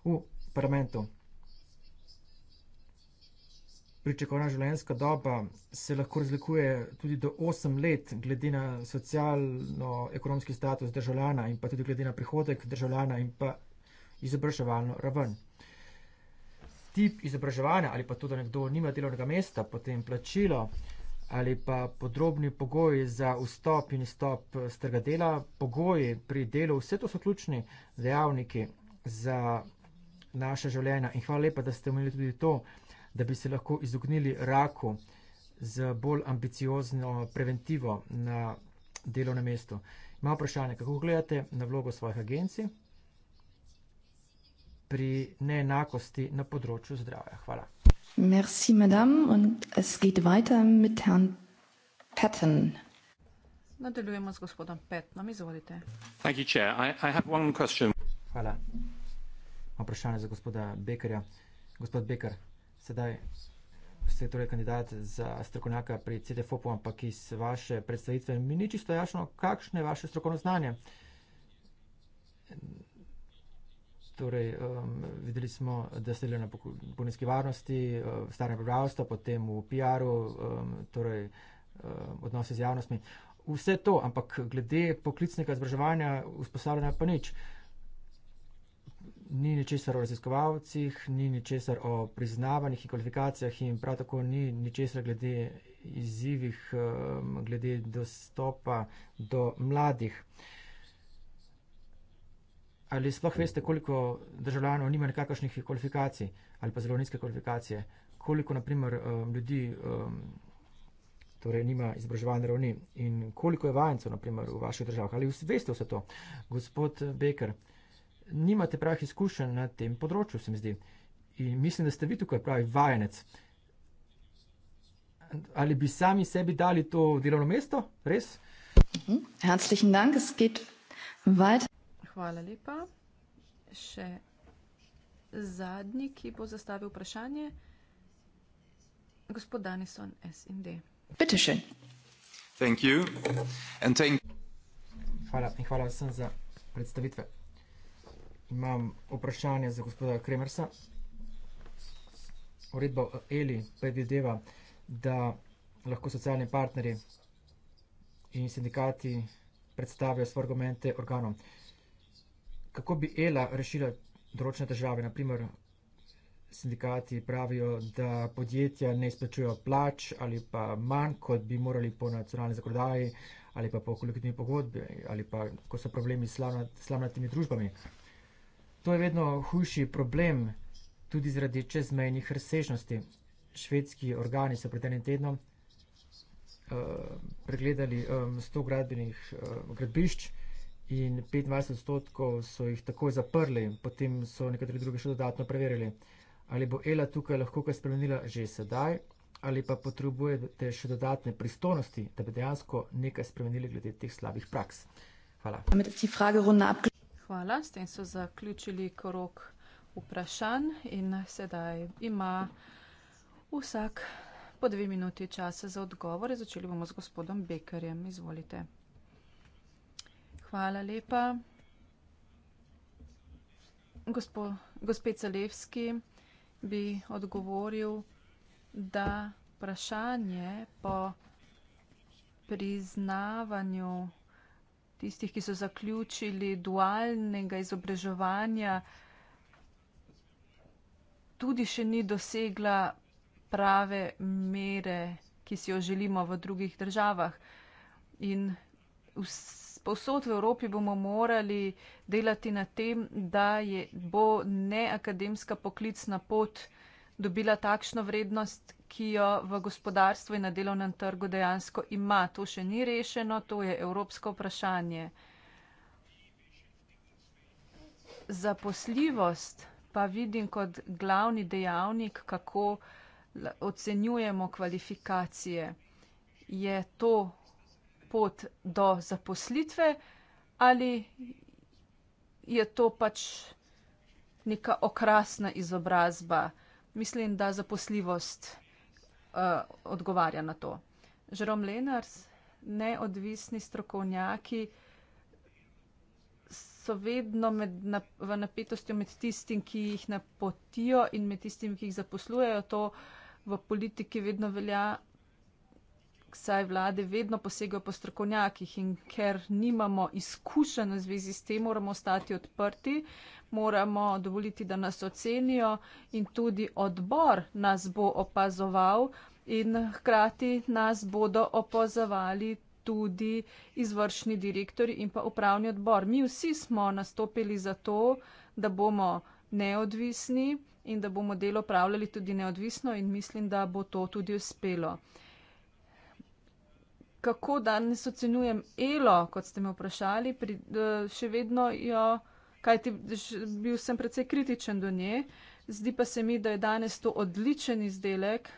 v parlamentu pričakovana življenjska doba se lahko razlikuje tudi do 8 let, glede na socialno-ekonomski status državljana in pa tudi glede na prihodek državljana in pa izobraževalno raven. Tip izobraževanja ali pa to, da nekdo nima delovnega mesta, potem plačilo ali pa podrobni pogoji za vstop in izstop z trga dela, pogoji pri delu, vse to so ključni dejavniki za naše življenje. In hvala lepa, da ste omenili tudi to, da bi se lahko izognili raku z bolj ambiciozno preventivo na delovnem mestu. Imamo vprašanje, kako gledate na vlogo svojih agencij pri neenakosti na področju zdravja? Hvala. Merci, madame, und es geht weiter mit Herrn Patten. Nadaljujemo z gospodom Pattenom, izvolite. Thank you, chair. I, I have one question. Hvala. Imamo vprašanje za gospoda Bekerja. Gospod Beker, sedaj ste torej kandidat za strokovnjaka pri CDFOP-u, ampak iz vaše predstavitve mi ni čisto jasno, kakšno je vaše strokovno znanje. Torej, um, videli smo, da ste bili na bolniški varnosti, uh, starem prebivalstvu, potem v PR-u, um, torej um, odnose z javnostmi. Vse to, ampak glede poklicnega izobraževanja, usposabljanja pa nič. Uh, ni ničesar o raziskovalcih, ni ničesar o priznavanjih in kvalifikacijah in prav tako ni ničesar glede izzivih, glede dostopa do mladih. Ali sploh veste, koliko državljanov nima nekakšnih kvalifikacij ali pa zelo nizke kvalifikacije, koliko naprimer ljudi torej nima izobraževanja ravni in koliko je vajencev naprimer v vaših državah. Ali veste vse to? Gospod Beker, nimate pravih izkušenj na tem področju, se mi zdi. In mislim, da ste vi tukaj pravi vajenec. Ali bi sami sebi dali to delovno mesto? Res? Mhm. Hvala lepa. Še zadnji, ki bo zastavil vprašanje. Gospod Danison, SND. Hvala in hvala vsem za predstavitve. Imam vprašanje za gospoda Kremersa. Uredba ELI predvideva, da lahko socialni partnerji in sindikati predstavijo svoje argumente organom. Kako bi ELA rešila določene države? Naprimer, sindikati pravijo, da podjetja ne izplačujejo plač ali pa manj, kot bi morali po nacionalni zakonodaji ali pa po kolektivni pogodbi ali pa ko so problemi s slavna, slavnatimi družbami. To je vedno hujši problem, tudi zaradi čezmejnih razsežnosti. Švedski organi so pred enim tednom uh, pregledali um, 100 gradbenih uh, gradbišč in 25 odstotkov so jih takoj zaprli, potem so nekateri drugi še dodatno preverili, ali bo Ela tukaj lahko kaj spremenila že sedaj, ali pa potrebujete še dodatne pristojnosti, da bi dejansko nekaj spremenili glede teh slabih praks. Hvala. Hvala, s tem so zaključili krok vprašanj in sedaj ima vsak po dve minuti časa za odgovore. Začeli bomo z gospodom Bekerjem. Izvolite. Hvala lepa. Gospod Celevski bi odgovoril, da vprašanje po priznavanju tistih, ki so zaključili dualnega izobraževanja, tudi še ni dosegla prave mere, ki si jo želimo v drugih državah. In posod v Evropi bomo morali delati na tem, da je, bo neakademska poklicna pot dobila takšno vrednost, ki jo v gospodarstvu in na delovnem trgu dejansko ima. To še ni rešeno, to je evropsko vprašanje. Zaposljivost pa vidim kot glavni dejavnik, kako ocenjujemo kvalifikacije. Je to pot do zaposlitve ali je to pač neka okrasna izobrazba? Mislim, da zaposljivost Eh, odgovarja na to. Žerom Lenars, neodvisni strokovnjaki so vedno med, na, v napetostju med tistim, ki jih napotijo in med tistim, ki jih zaposlujejo. To v politiki vedno velja saj vlade vedno posegajo po strokovnjakih in ker nimamo izkušenj v zvezi s tem, moramo ostati odprti, moramo dovoliti, da nas ocenijo in tudi odbor nas bo opazoval in hkrati nas bodo opazovali tudi izvršni direktori in pa upravni odbor. Mi vsi smo nastopili za to, da bomo neodvisni in da bomo delo pravljali tudi neodvisno in mislim, da bo to tudi uspelo kako danes ocenjujem Elo, kot ste me vprašali, pri, eh, še vedno jo, kajti bil sem precej kritičen do nje, zdi pa se mi, da je danes to odličen izdelek.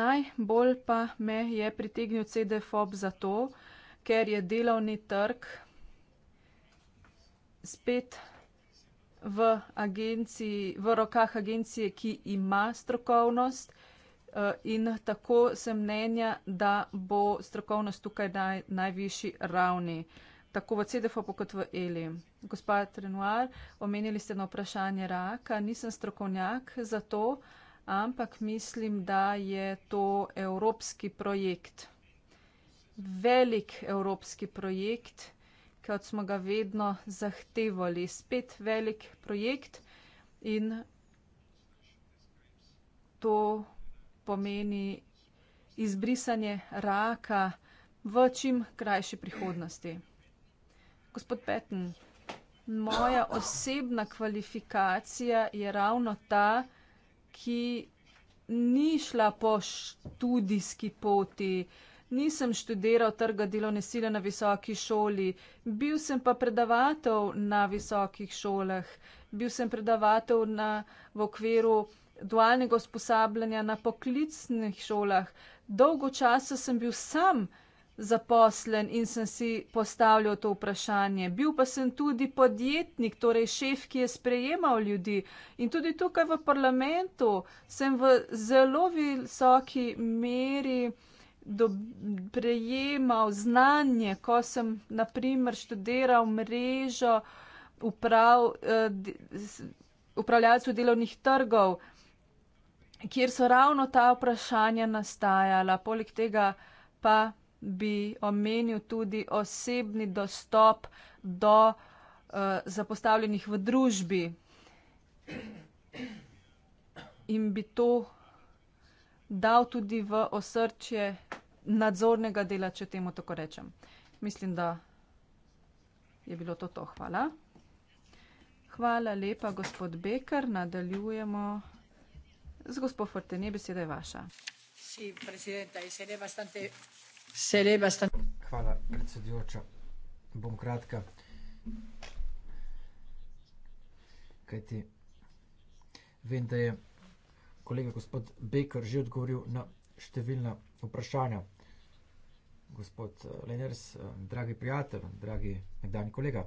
Najbolj pa me je pritegnil CDFOB zato, ker je delovni trg spet v, agenciji, v rokah agencije, ki ima strokovnost Eh, in tako sem mnenja, da bo strokovnost tukaj na najvišji ravni, tako v CDF-u kot v ELI. Gospa Trenoir, omenili ste na vprašanje raka, nisem strokovnjak za to, ampak mislim, da je to evropski projekt. Velik evropski projekt, kot smo ga vedno zahtevali. Spet velik projekt in to pomeni izbrisanje raka v čim krajši prihodnosti. Gospod Petten, moja osebna kvalifikacija je ravno ta, ki ni šla po študijski poti. Nisem študiral trga delovne sile na visoki šoli, bil sem pa predavatelj na visokih šolah. Bil sem predavatelj na, v okviru dualnega usposabljanja na poklicnih šolah. Dolgo časa sem bil sam zaposlen in sem si postavljal to vprašanje. Bil pa sem tudi podjetnik, torej šef, ki je sprejemal ljudi. In tudi tukaj v parlamentu sem v zelo visoki meri prejemal znanje, ko sem naprimer študiral mrežo uprav, eh, upravljalcev delovnih trgov kjer so ravno ta vprašanja nastajala. Poleg tega pa bi omenil tudi osebni dostop do uh, zapostavljenih v družbi. In bi to dal tudi v osrčje nadzornega dela, če temu tako rečem. Mislim, da je bilo to to. Hvala. Hvala lepa, gospod Bekar. Nadaljujemo gospo fortenje beseda je vaša hvala predsedujoča bom kratka kajti vem da je kolega gospod Baker že odgovoril na številna vprašanja gospod eh, Leners eh, dragi prijatelj dragi nekdanji kolega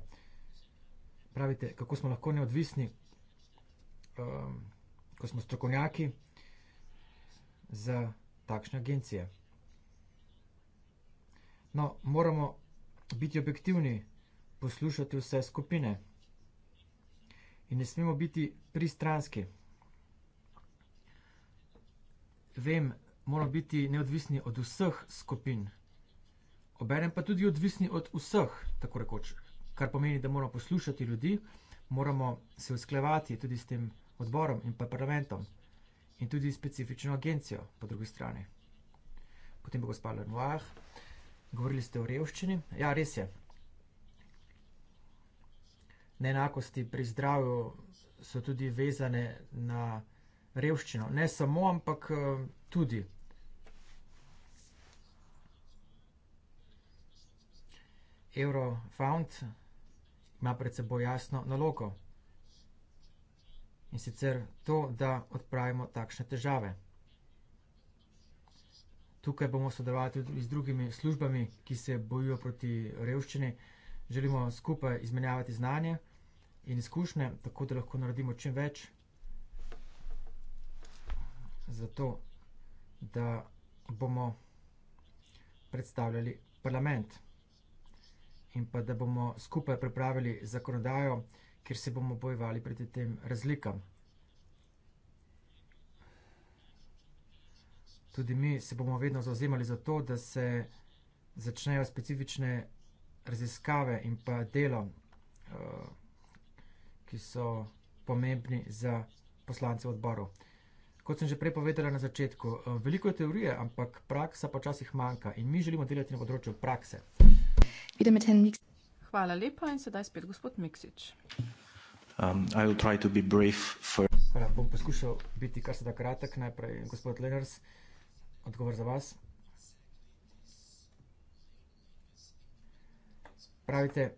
pravite kako smo lahko neodvisni um, ko smo strokovnjaki za takšne agencije. No, moramo biti objektivni, poslušati vse skupine in ne smemo biti pristranski. Vem, moramo biti neodvisni od vseh skupin, obenem pa tudi odvisni od vseh, tako rekoč, kar pomeni, da moramo poslušati ljudi, moramo se usklevati tudi s tem skupinem, odborom in parlamentom in tudi specifično agencijo po drugi strani. Potem bo gospod Lenoir, govorili ste o revščini. Ja, res je. Neenakosti pri zdravju so tudi vezane na revščino. Ne samo, ampak eh, tudi. Eurofound ima pred seboj jasno nalogo in sicer to, da odpravimo takšne težave. Tukaj bomo sodelovali tudi z drugimi službami, ki se bojijo proti revščini. Želimo skupaj izmenjavati znanje in izkušnje, tako da lahko naredimo čim več za to, da bomo predstavljali parlament in pa da bomo skupaj pripravili zakonodajo, ker se bomo bojevali proti tem razlikam. Tudi mi se bomo vedno zauzemali za to, da se začnejo specifične raziskave in pa delo, eh, ki so pomembni za poslance odborov. Kot sem že prej povedala na začetku, eh, veliko je teorije, ampak praksa počasih manjka in mi želimo delati na področju prakse. Vidim, da je ten miks. Hvala lepa in sedaj spet gospod Miksič. Um, Hvala, bom poskušal biti kar se da kratek. Najprej gospod Lenars, odgovor za vas. Pravite,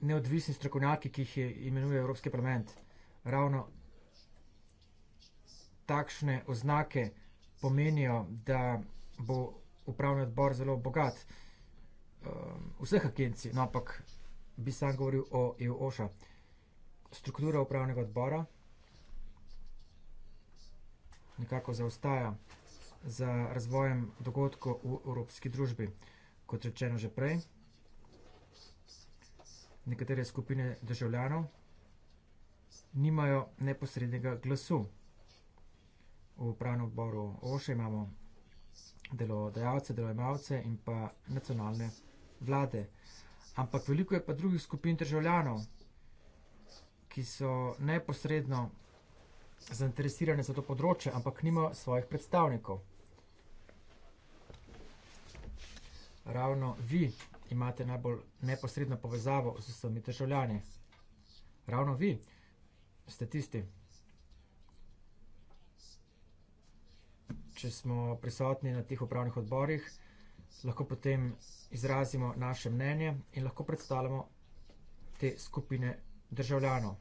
neodvisni strokovnjaki, ki jih je, imenuje Evropski parlament, ravno takšne oznake pomenijo, da bo upravni odbor zelo bogat. Um, vseh agencij, no ampak bi sam govoril o EU-OŠA. Struktura upravnega odbora nekako zaostaja za razvojem dogodkov v evropski družbi, kot rečeno že prej. Nekatere skupine državljanov nimajo neposrednega glasu. V upravnem odboru OŠA imamo delodajalce, delojemalce in pa nacionalne vlade. Ampak veliko je pa drugih skupin državljanov, ki so neposredno zainteresirane za to področje, ampak nima svojih predstavnikov. Ravno vi imate najbolj neposredno povezavo z vsemi državljani. Ravno vi ste tisti. Če smo prisotni na tih upravnih odborih, lahko potem izrazimo naše mnenje in lahko predstavljamo te skupine državljanov.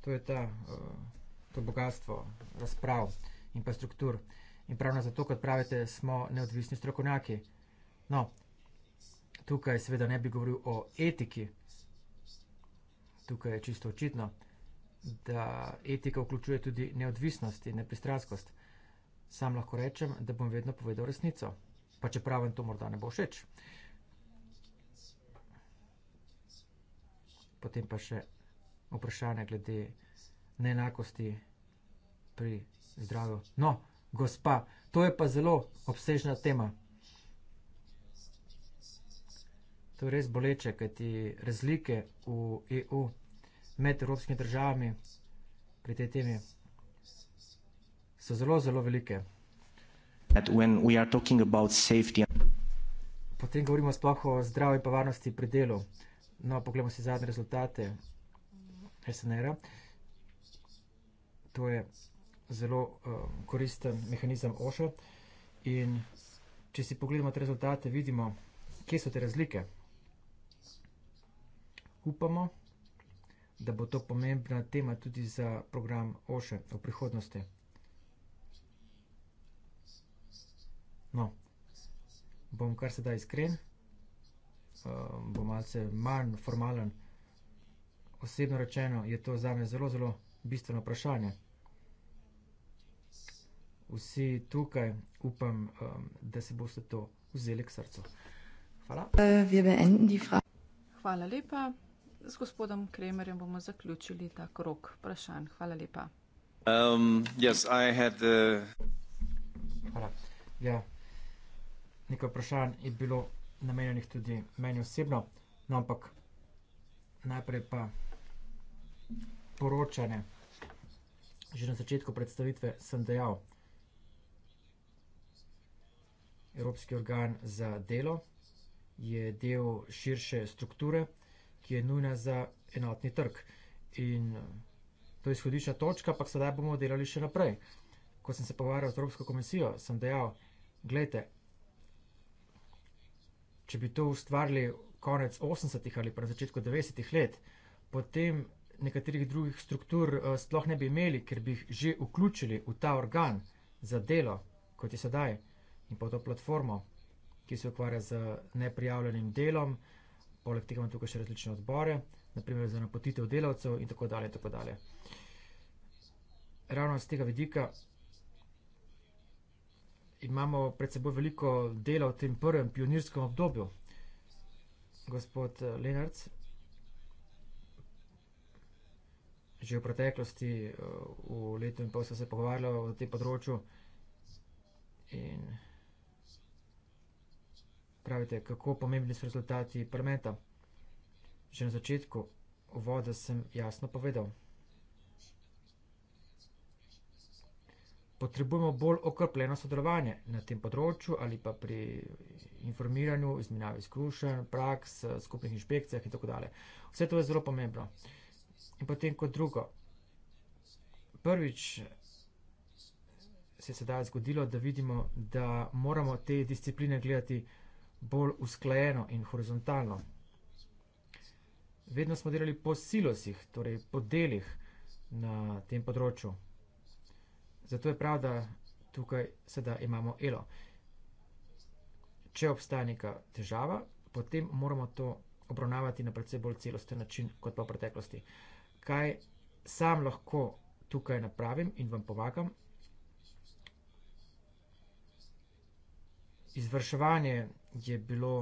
To je ta, eh, to bogatstvo razprav in pa struktur. In pravno zato, kot pravite, smo neodvisni strokovnjaki. No, tukaj seveda ne bi govoril o etiki. Tukaj je čisto očitno, da etika vključuje tudi neodvisnost in nepristranskost. Sam lahko rečem, da bom vedno povedal resnico, pa čeprav vam to morda ne bo všeč. Potem pa še vprašanje glede neenakosti pri zdravju. No, gospa, to je pa zelo obsežna tema. To je res boleče, kajti razlike v EU med evropskimi državami pri tej temi so zelo, zelo velike. Potem govorimo sploh o zdravju in varnosti pri delu. No, poglejmo si zadnje rezultate SNR-a. To je zelo um, koristen mehanizem OŠA. E. In če si pogledamo te rezultate, vidimo, kje so te razlike. Upamo, da bo to pomembna tema tudi za program OŠA e v prihodnosti. No, bom kar se da iskren, uh, ehm, bom malce manj formalen. Osebno rečeno je to za me zelo, zelo bistveno vprašanje. Vsi tukaj upam, um, da se boste to vzeli k srcu. Hvala. Eh, Hvala lepa. Z gospodom Kremerjem bomo zaključili ta krok vprašanj. Hvala lepa. Um, yes, had, uh... Hvala. Ja, nekaj vprašanj je bilo namenjenih tudi meni osebno, no ampak najprej pa poročanje. Že na začetku predstavitve sem dejal, Evropski organ za delo je del širše strukture, ki je nujna za enotni trg. In to je izhodišna točka, pa sedaj bomo delali še naprej. Ko sem se povarjal z Evropsko komisijo, sem dejal, gledajte, če bi to ustvarili konec 80-ih ali pa na začetku 90-ih let, potem nekaterih drugih struktur uh, sploh ne bi imeli, ker bi jih že vključili v ta organ za delo, kot je sedaj, in pa v to platformo, ki se ukvarja z neprijavljenim delom, poleg tega imamo tukaj še različne odbore, naprimer za napotitev delavcev in tako dalje. In tako dalje. Ravno z tega vidika imamo pred seboj veliko dela v tem prvem pionirskem obdobju. Gospod eh, Lenarc, že v preteklosti, eh, v letu in pol so se pogovarjali o tem področju in pravite, kako pomembni so rezultati parlamenta. Že na začetku uvoda sem jasno povedal. potrebujemo bolj okrepljeno sodelovanje na tem področju ali pa pri informiranju, izmenjavi izkušenj, praks, skupnih inšpekcijah in tako dalje. Vse to je zelo pomembno. In potem kot drugo, prvič se je sedaj zgodilo, da vidimo, da moramo te discipline gledati bolj usklajeno in horizontalno. Vedno smo delali po silosih, torej po delih na tem področju. Zato je prav, da tukaj sedaj imamo elo. Če obstaja neka težava, potem moramo to obravnavati na predvsej bolj celosten način kot pa v preteklosti. Kaj sam lahko tukaj napravim in vam povakam? Izvrševanje je bilo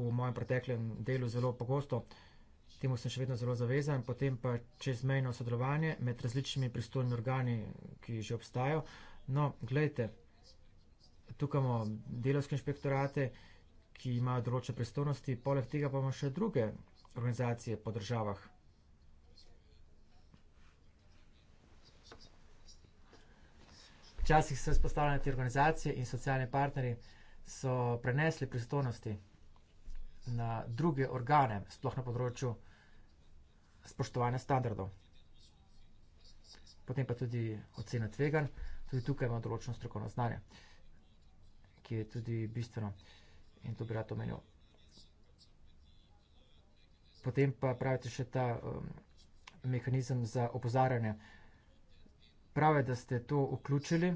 v mojem preteklem delu zelo pogosto, temu sem še vedno zelo zavezan, potem pa čezmejno sodelovanje med različnimi pristojnimi organi, ki že obstajajo. No, gledajte, tukaj imamo delovske inšpektorate, ki imajo določene pristojnosti, poleg tega pa imamo še druge organizacije po državah. Včasih so izpostavljene te organizacije in socialni partneri so prenesli pristojnosti na druge organe, sploh na področju spoštovanja standardov. Potem pa tudi ocena tvegan, tudi tukaj imamo določeno strokovno znanje, ki je tudi bistveno in to bi rad omenil. Potem pa pravite še ta um, mehanizem za opozarjanje. Prav je, da ste to vključili.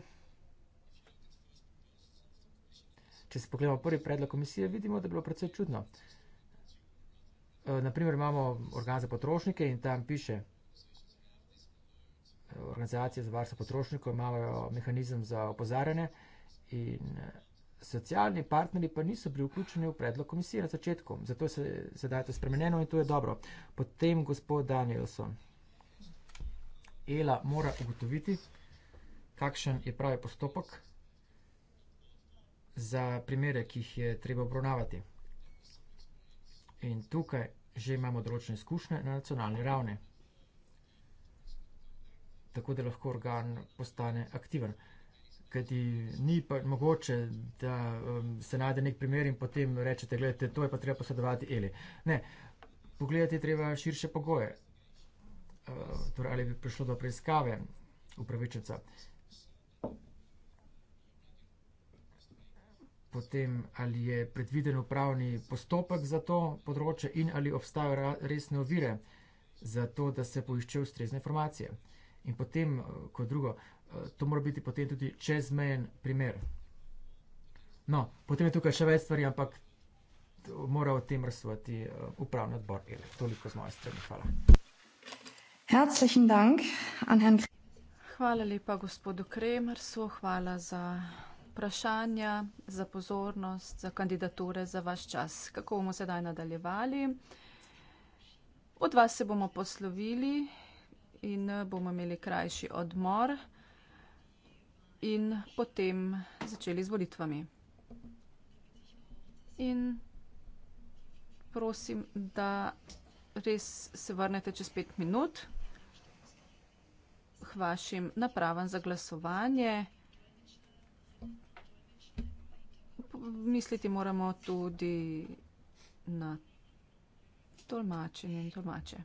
Če se pogledamo prvi predlog komisije, vidimo, da je bilo precej čudno. Uh, Eh, naprimer, imamo organ za potrošnike in tam piše, eh, organizacije za varstvo potrošnikov imajo mehanizem za opozarjanje in eh, socialni partneri pa niso bili vključeni v predlog komisije na začetku. Zato se sedaj to spremenjeno in to je dobro. Potem gospod Danielson. ELA mora ugotoviti, kakšen je pravi postopek za primere, ki jih je treba obravnavati in tukaj že imamo določene izkušnje na nacionalni ravni, tako da lahko organ postane aktiven. Kajti ni pa mogoče, da um, se najde nek primer in potem rečete, gledajte, to je pa treba posredovati ali. Ne, pogledati je treba širše pogoje, uh, torej ali bi prišlo do preiskave upravičenca. Uh, potem, ali je predviden upravni postopek za to področje in ali obstajajo resne ovire za to, da se poišče ustrezne informacije. In potem, eh, kot drugo, eh, to mora biti potem tudi čezmejen primer. No, potem je tukaj še več stvari, ampak mora o tem razsvati eh, upravni odbor. Toliko z moje strani. Hvala. Hvala lepa gospodu Kremersu, hvala za vprašanja, za pozornost, za kandidature, za vaš čas. Kako bomo sedaj nadaljevali? Od vas se bomo poslovili in eh, bomo imeli krajši odmor in potem začeli z volitvami. In prosim, da res se vrnete čez pet minut k vašim napravam za glasovanje. misliti moramo tudi na tolmačenje in tolmače.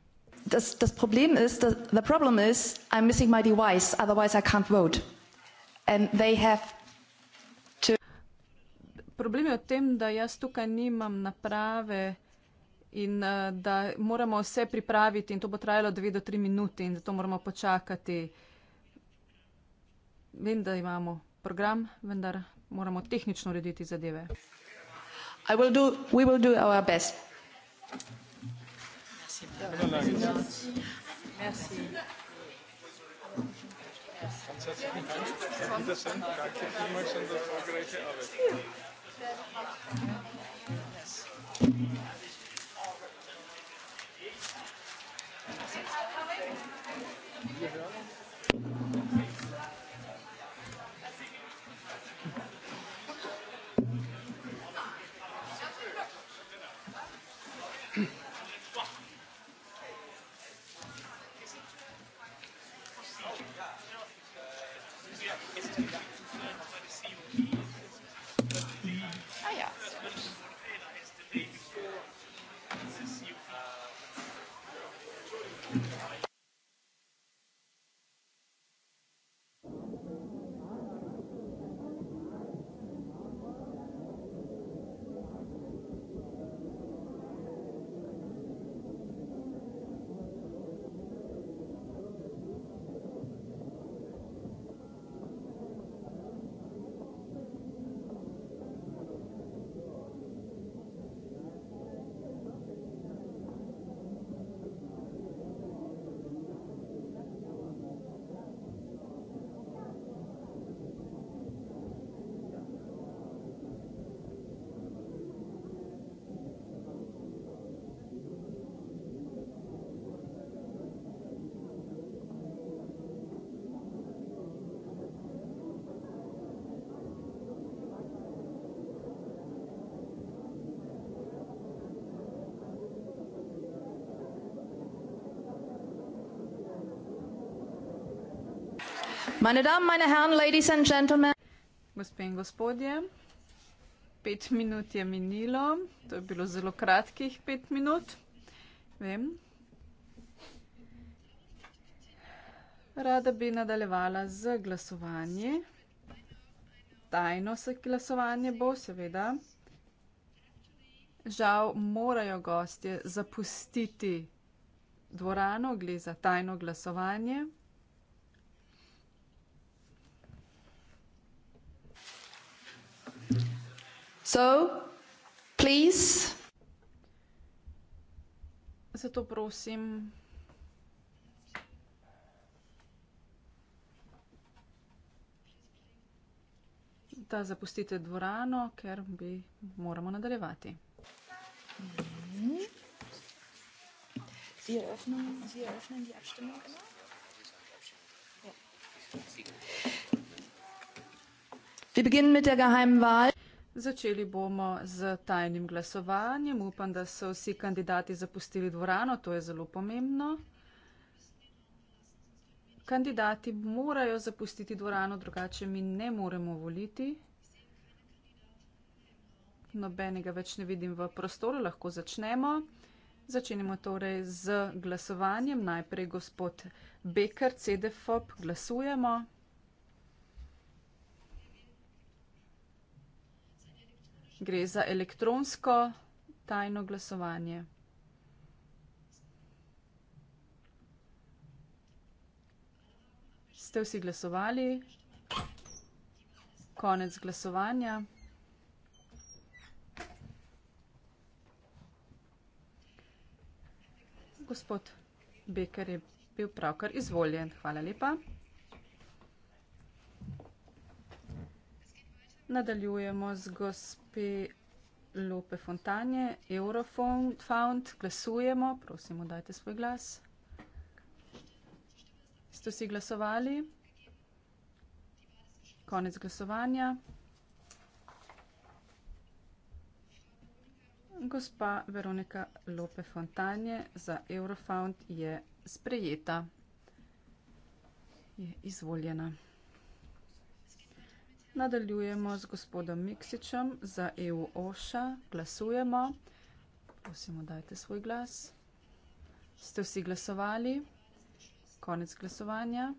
Das, das problem is, the, the problem is, I'm missing my device, otherwise I can't vote. And they have to... Problem je v tem, da jaz tukaj nimam naprave in uh, da moramo vse pripraviti in to bo trajalo 2 do 3 minute in da to moramo počakati. Vem, da imamo program, vendar moramo tehnično urediti zadeve. Yeah. Meine Damen, meine Herren, Ladies and Gentlemen. Gospe in gospodje, pet minut je minilo, to je bilo zelo kratkih pet minut, vem. Rada bi nadaljevala z glasovanje. Tajno se glasovanje bo, seveda. Žal morajo gostje zapustiti dvorano, gre za tajno glasovanje. So, please. Zato prosim. Da zapustite dvorano, ker bi moramo nadaljevati. Sie eröffnen, Sie eröffnen die Abstimmung. Ja. Wir beginnen mit der geheimen Wahl. Začeli bomo z tajnim glasovanjem. Upam, da so vsi kandidati zapustili dvorano, to je zelo pomembno. Kandidati morajo zapustiti dvorano, drugače mi ne moremo voliti. Nobenega več ne vidim v prostoru, lahko začnemo. Začenimo torej z glasovanjem. Najprej gospod Beker, CDFOP, glasujemo. gre za elektronsko tajno glasovanje. Ste vsi glasovali? Konec glasovanja. Gospod Beker je bil pravkar izvoljen. Hvala lepa. Nadaljujemo z gospe Lope Fontanje, Eurofound. Glasujemo, prosim, dajte svoj glas. Ste vsi glasovali? Konec glasovanja. Gospa Veronika Lope Fontanje za Eurofound je sprejeta, je izvoljena. Nadaljujemo z gospodom Miksičem za EU OŠA. Glasujemo. Prosim, dajte svoj glas. Ste vsi glasovali? Konec glasovanja.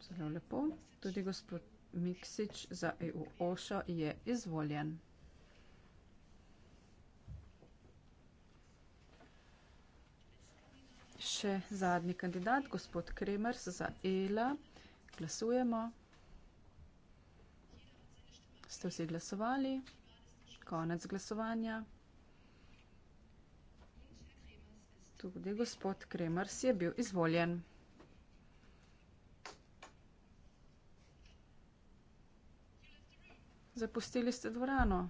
Zelo lepo. Tudi gospod Miksič za EU OŠA je izvoljen. Še zadnji kandidat, gospod Kremers za ELA glasujemo. Ste vsi glasovali? Konec glasovanja. Tudi gospod Kremers je bil izvoljen. Zapustili ste dvorano.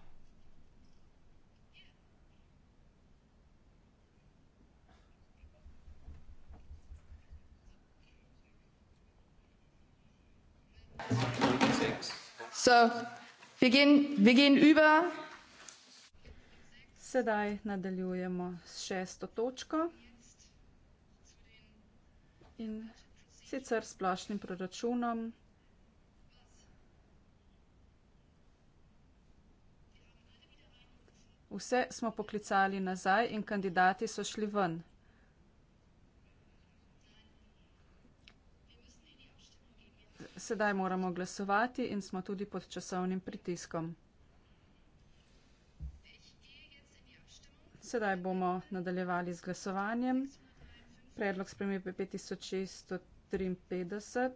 So, wir gehen, wir gehen über. Sedaj nadaljujemo s šesto točko in sicer splošnim proračunom. Vse smo poklicali nazaj in kandidati so šli ven. sedaj moramo glasovati in smo tudi pod časovnim pritiskom. Sedaj bomo nadaljevali z glasovanjem. Predlog spremembe 5653.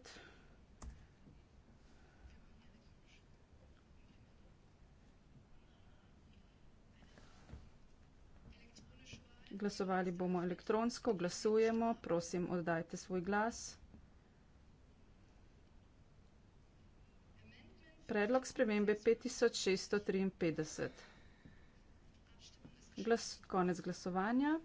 Glasovali bomo elektronsko, glasujemo, prosim, oddajte svoj glas. Predlog spremembe 5653. Glas, konec glasovanja.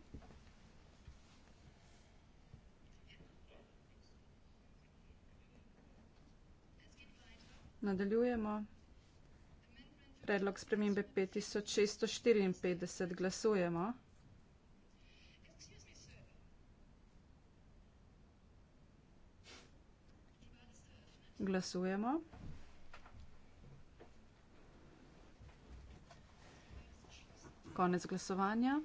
Nadaljujemo. Predlog spremembe 5654. Glasujemo. Glasujemo. konec glasovanja.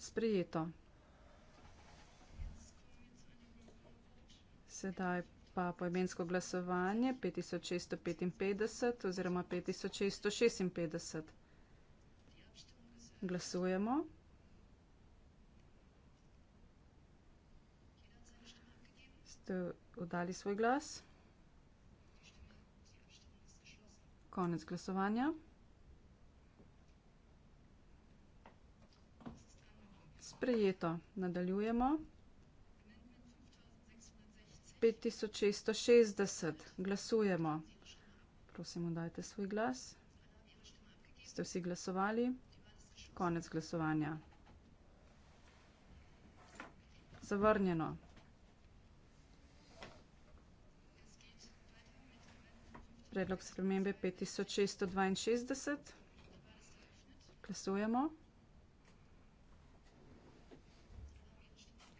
Sprejeto. Sedaj pa poimensko glasovanje 5655 oziroma 5656. Glasujemo. Ste oddali svoj glas? Konec glasovanja. Sprejeto. Nadaljujemo. 5660. Glasujemo. Prosim, dajte svoj glas. Ste vsi glasovali? Konec glasovanja. Zavrnjeno. predlog spremembe 5662. Glasujemo.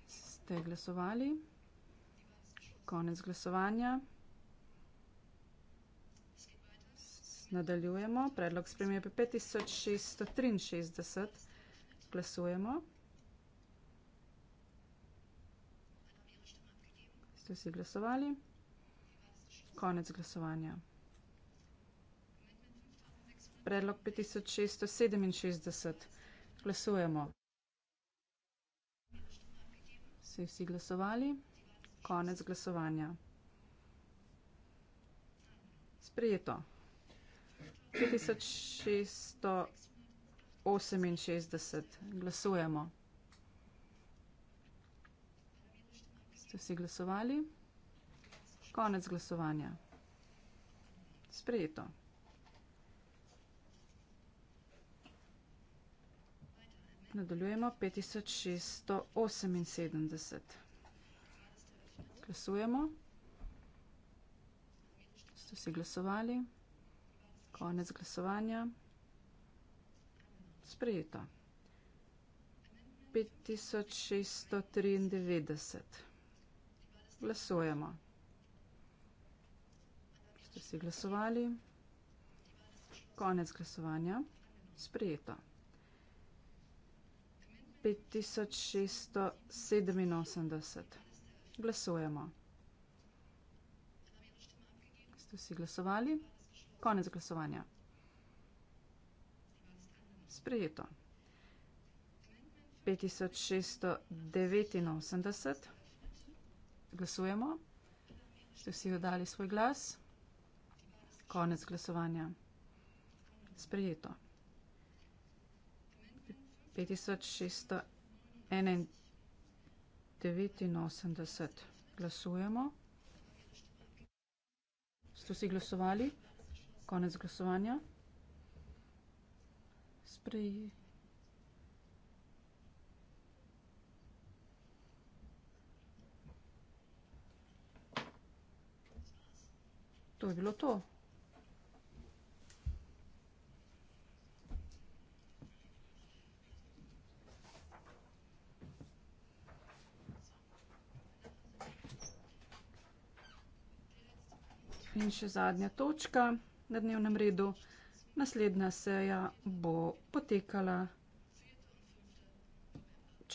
Ste glasovali? Konec glasovanja. Nadaljujemo. Predlog spremembe 5663. Glasujemo. Ste vsi glasovali? Konec glasovanja predlog 5667. Glasujemo. Se vsi glasovali? Konec glasovanja. Sprijeto. 5668. Glasujemo. Ste vsi glasovali? Konec glasovanja. Sprijeto. Nadaljujemo 5678. Glasujemo. Ste vsi glasovali? Konec glasovanja. Sprejeto. 5693. Glasujemo. Ste vsi glasovali? Konec glasovanja. Sprejeto. 5687. Glasujemo. Ste vsi glasovali? Konec glasovanja. Sprejeto. 5689. Glasujemo. Ste vsi oddali svoj glas? Konec glasovanja. Sprejeto. 5689. Glasujemo. Ste vsi glasovali? Konec glasovanja. Sprej. To je bilo to. In še zadnja točka na dnevnem redu. Naslednja seja bo potekala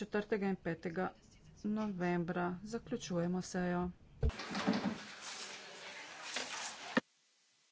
4. in 5. novembra. Zaključujemo sejo. Thank you.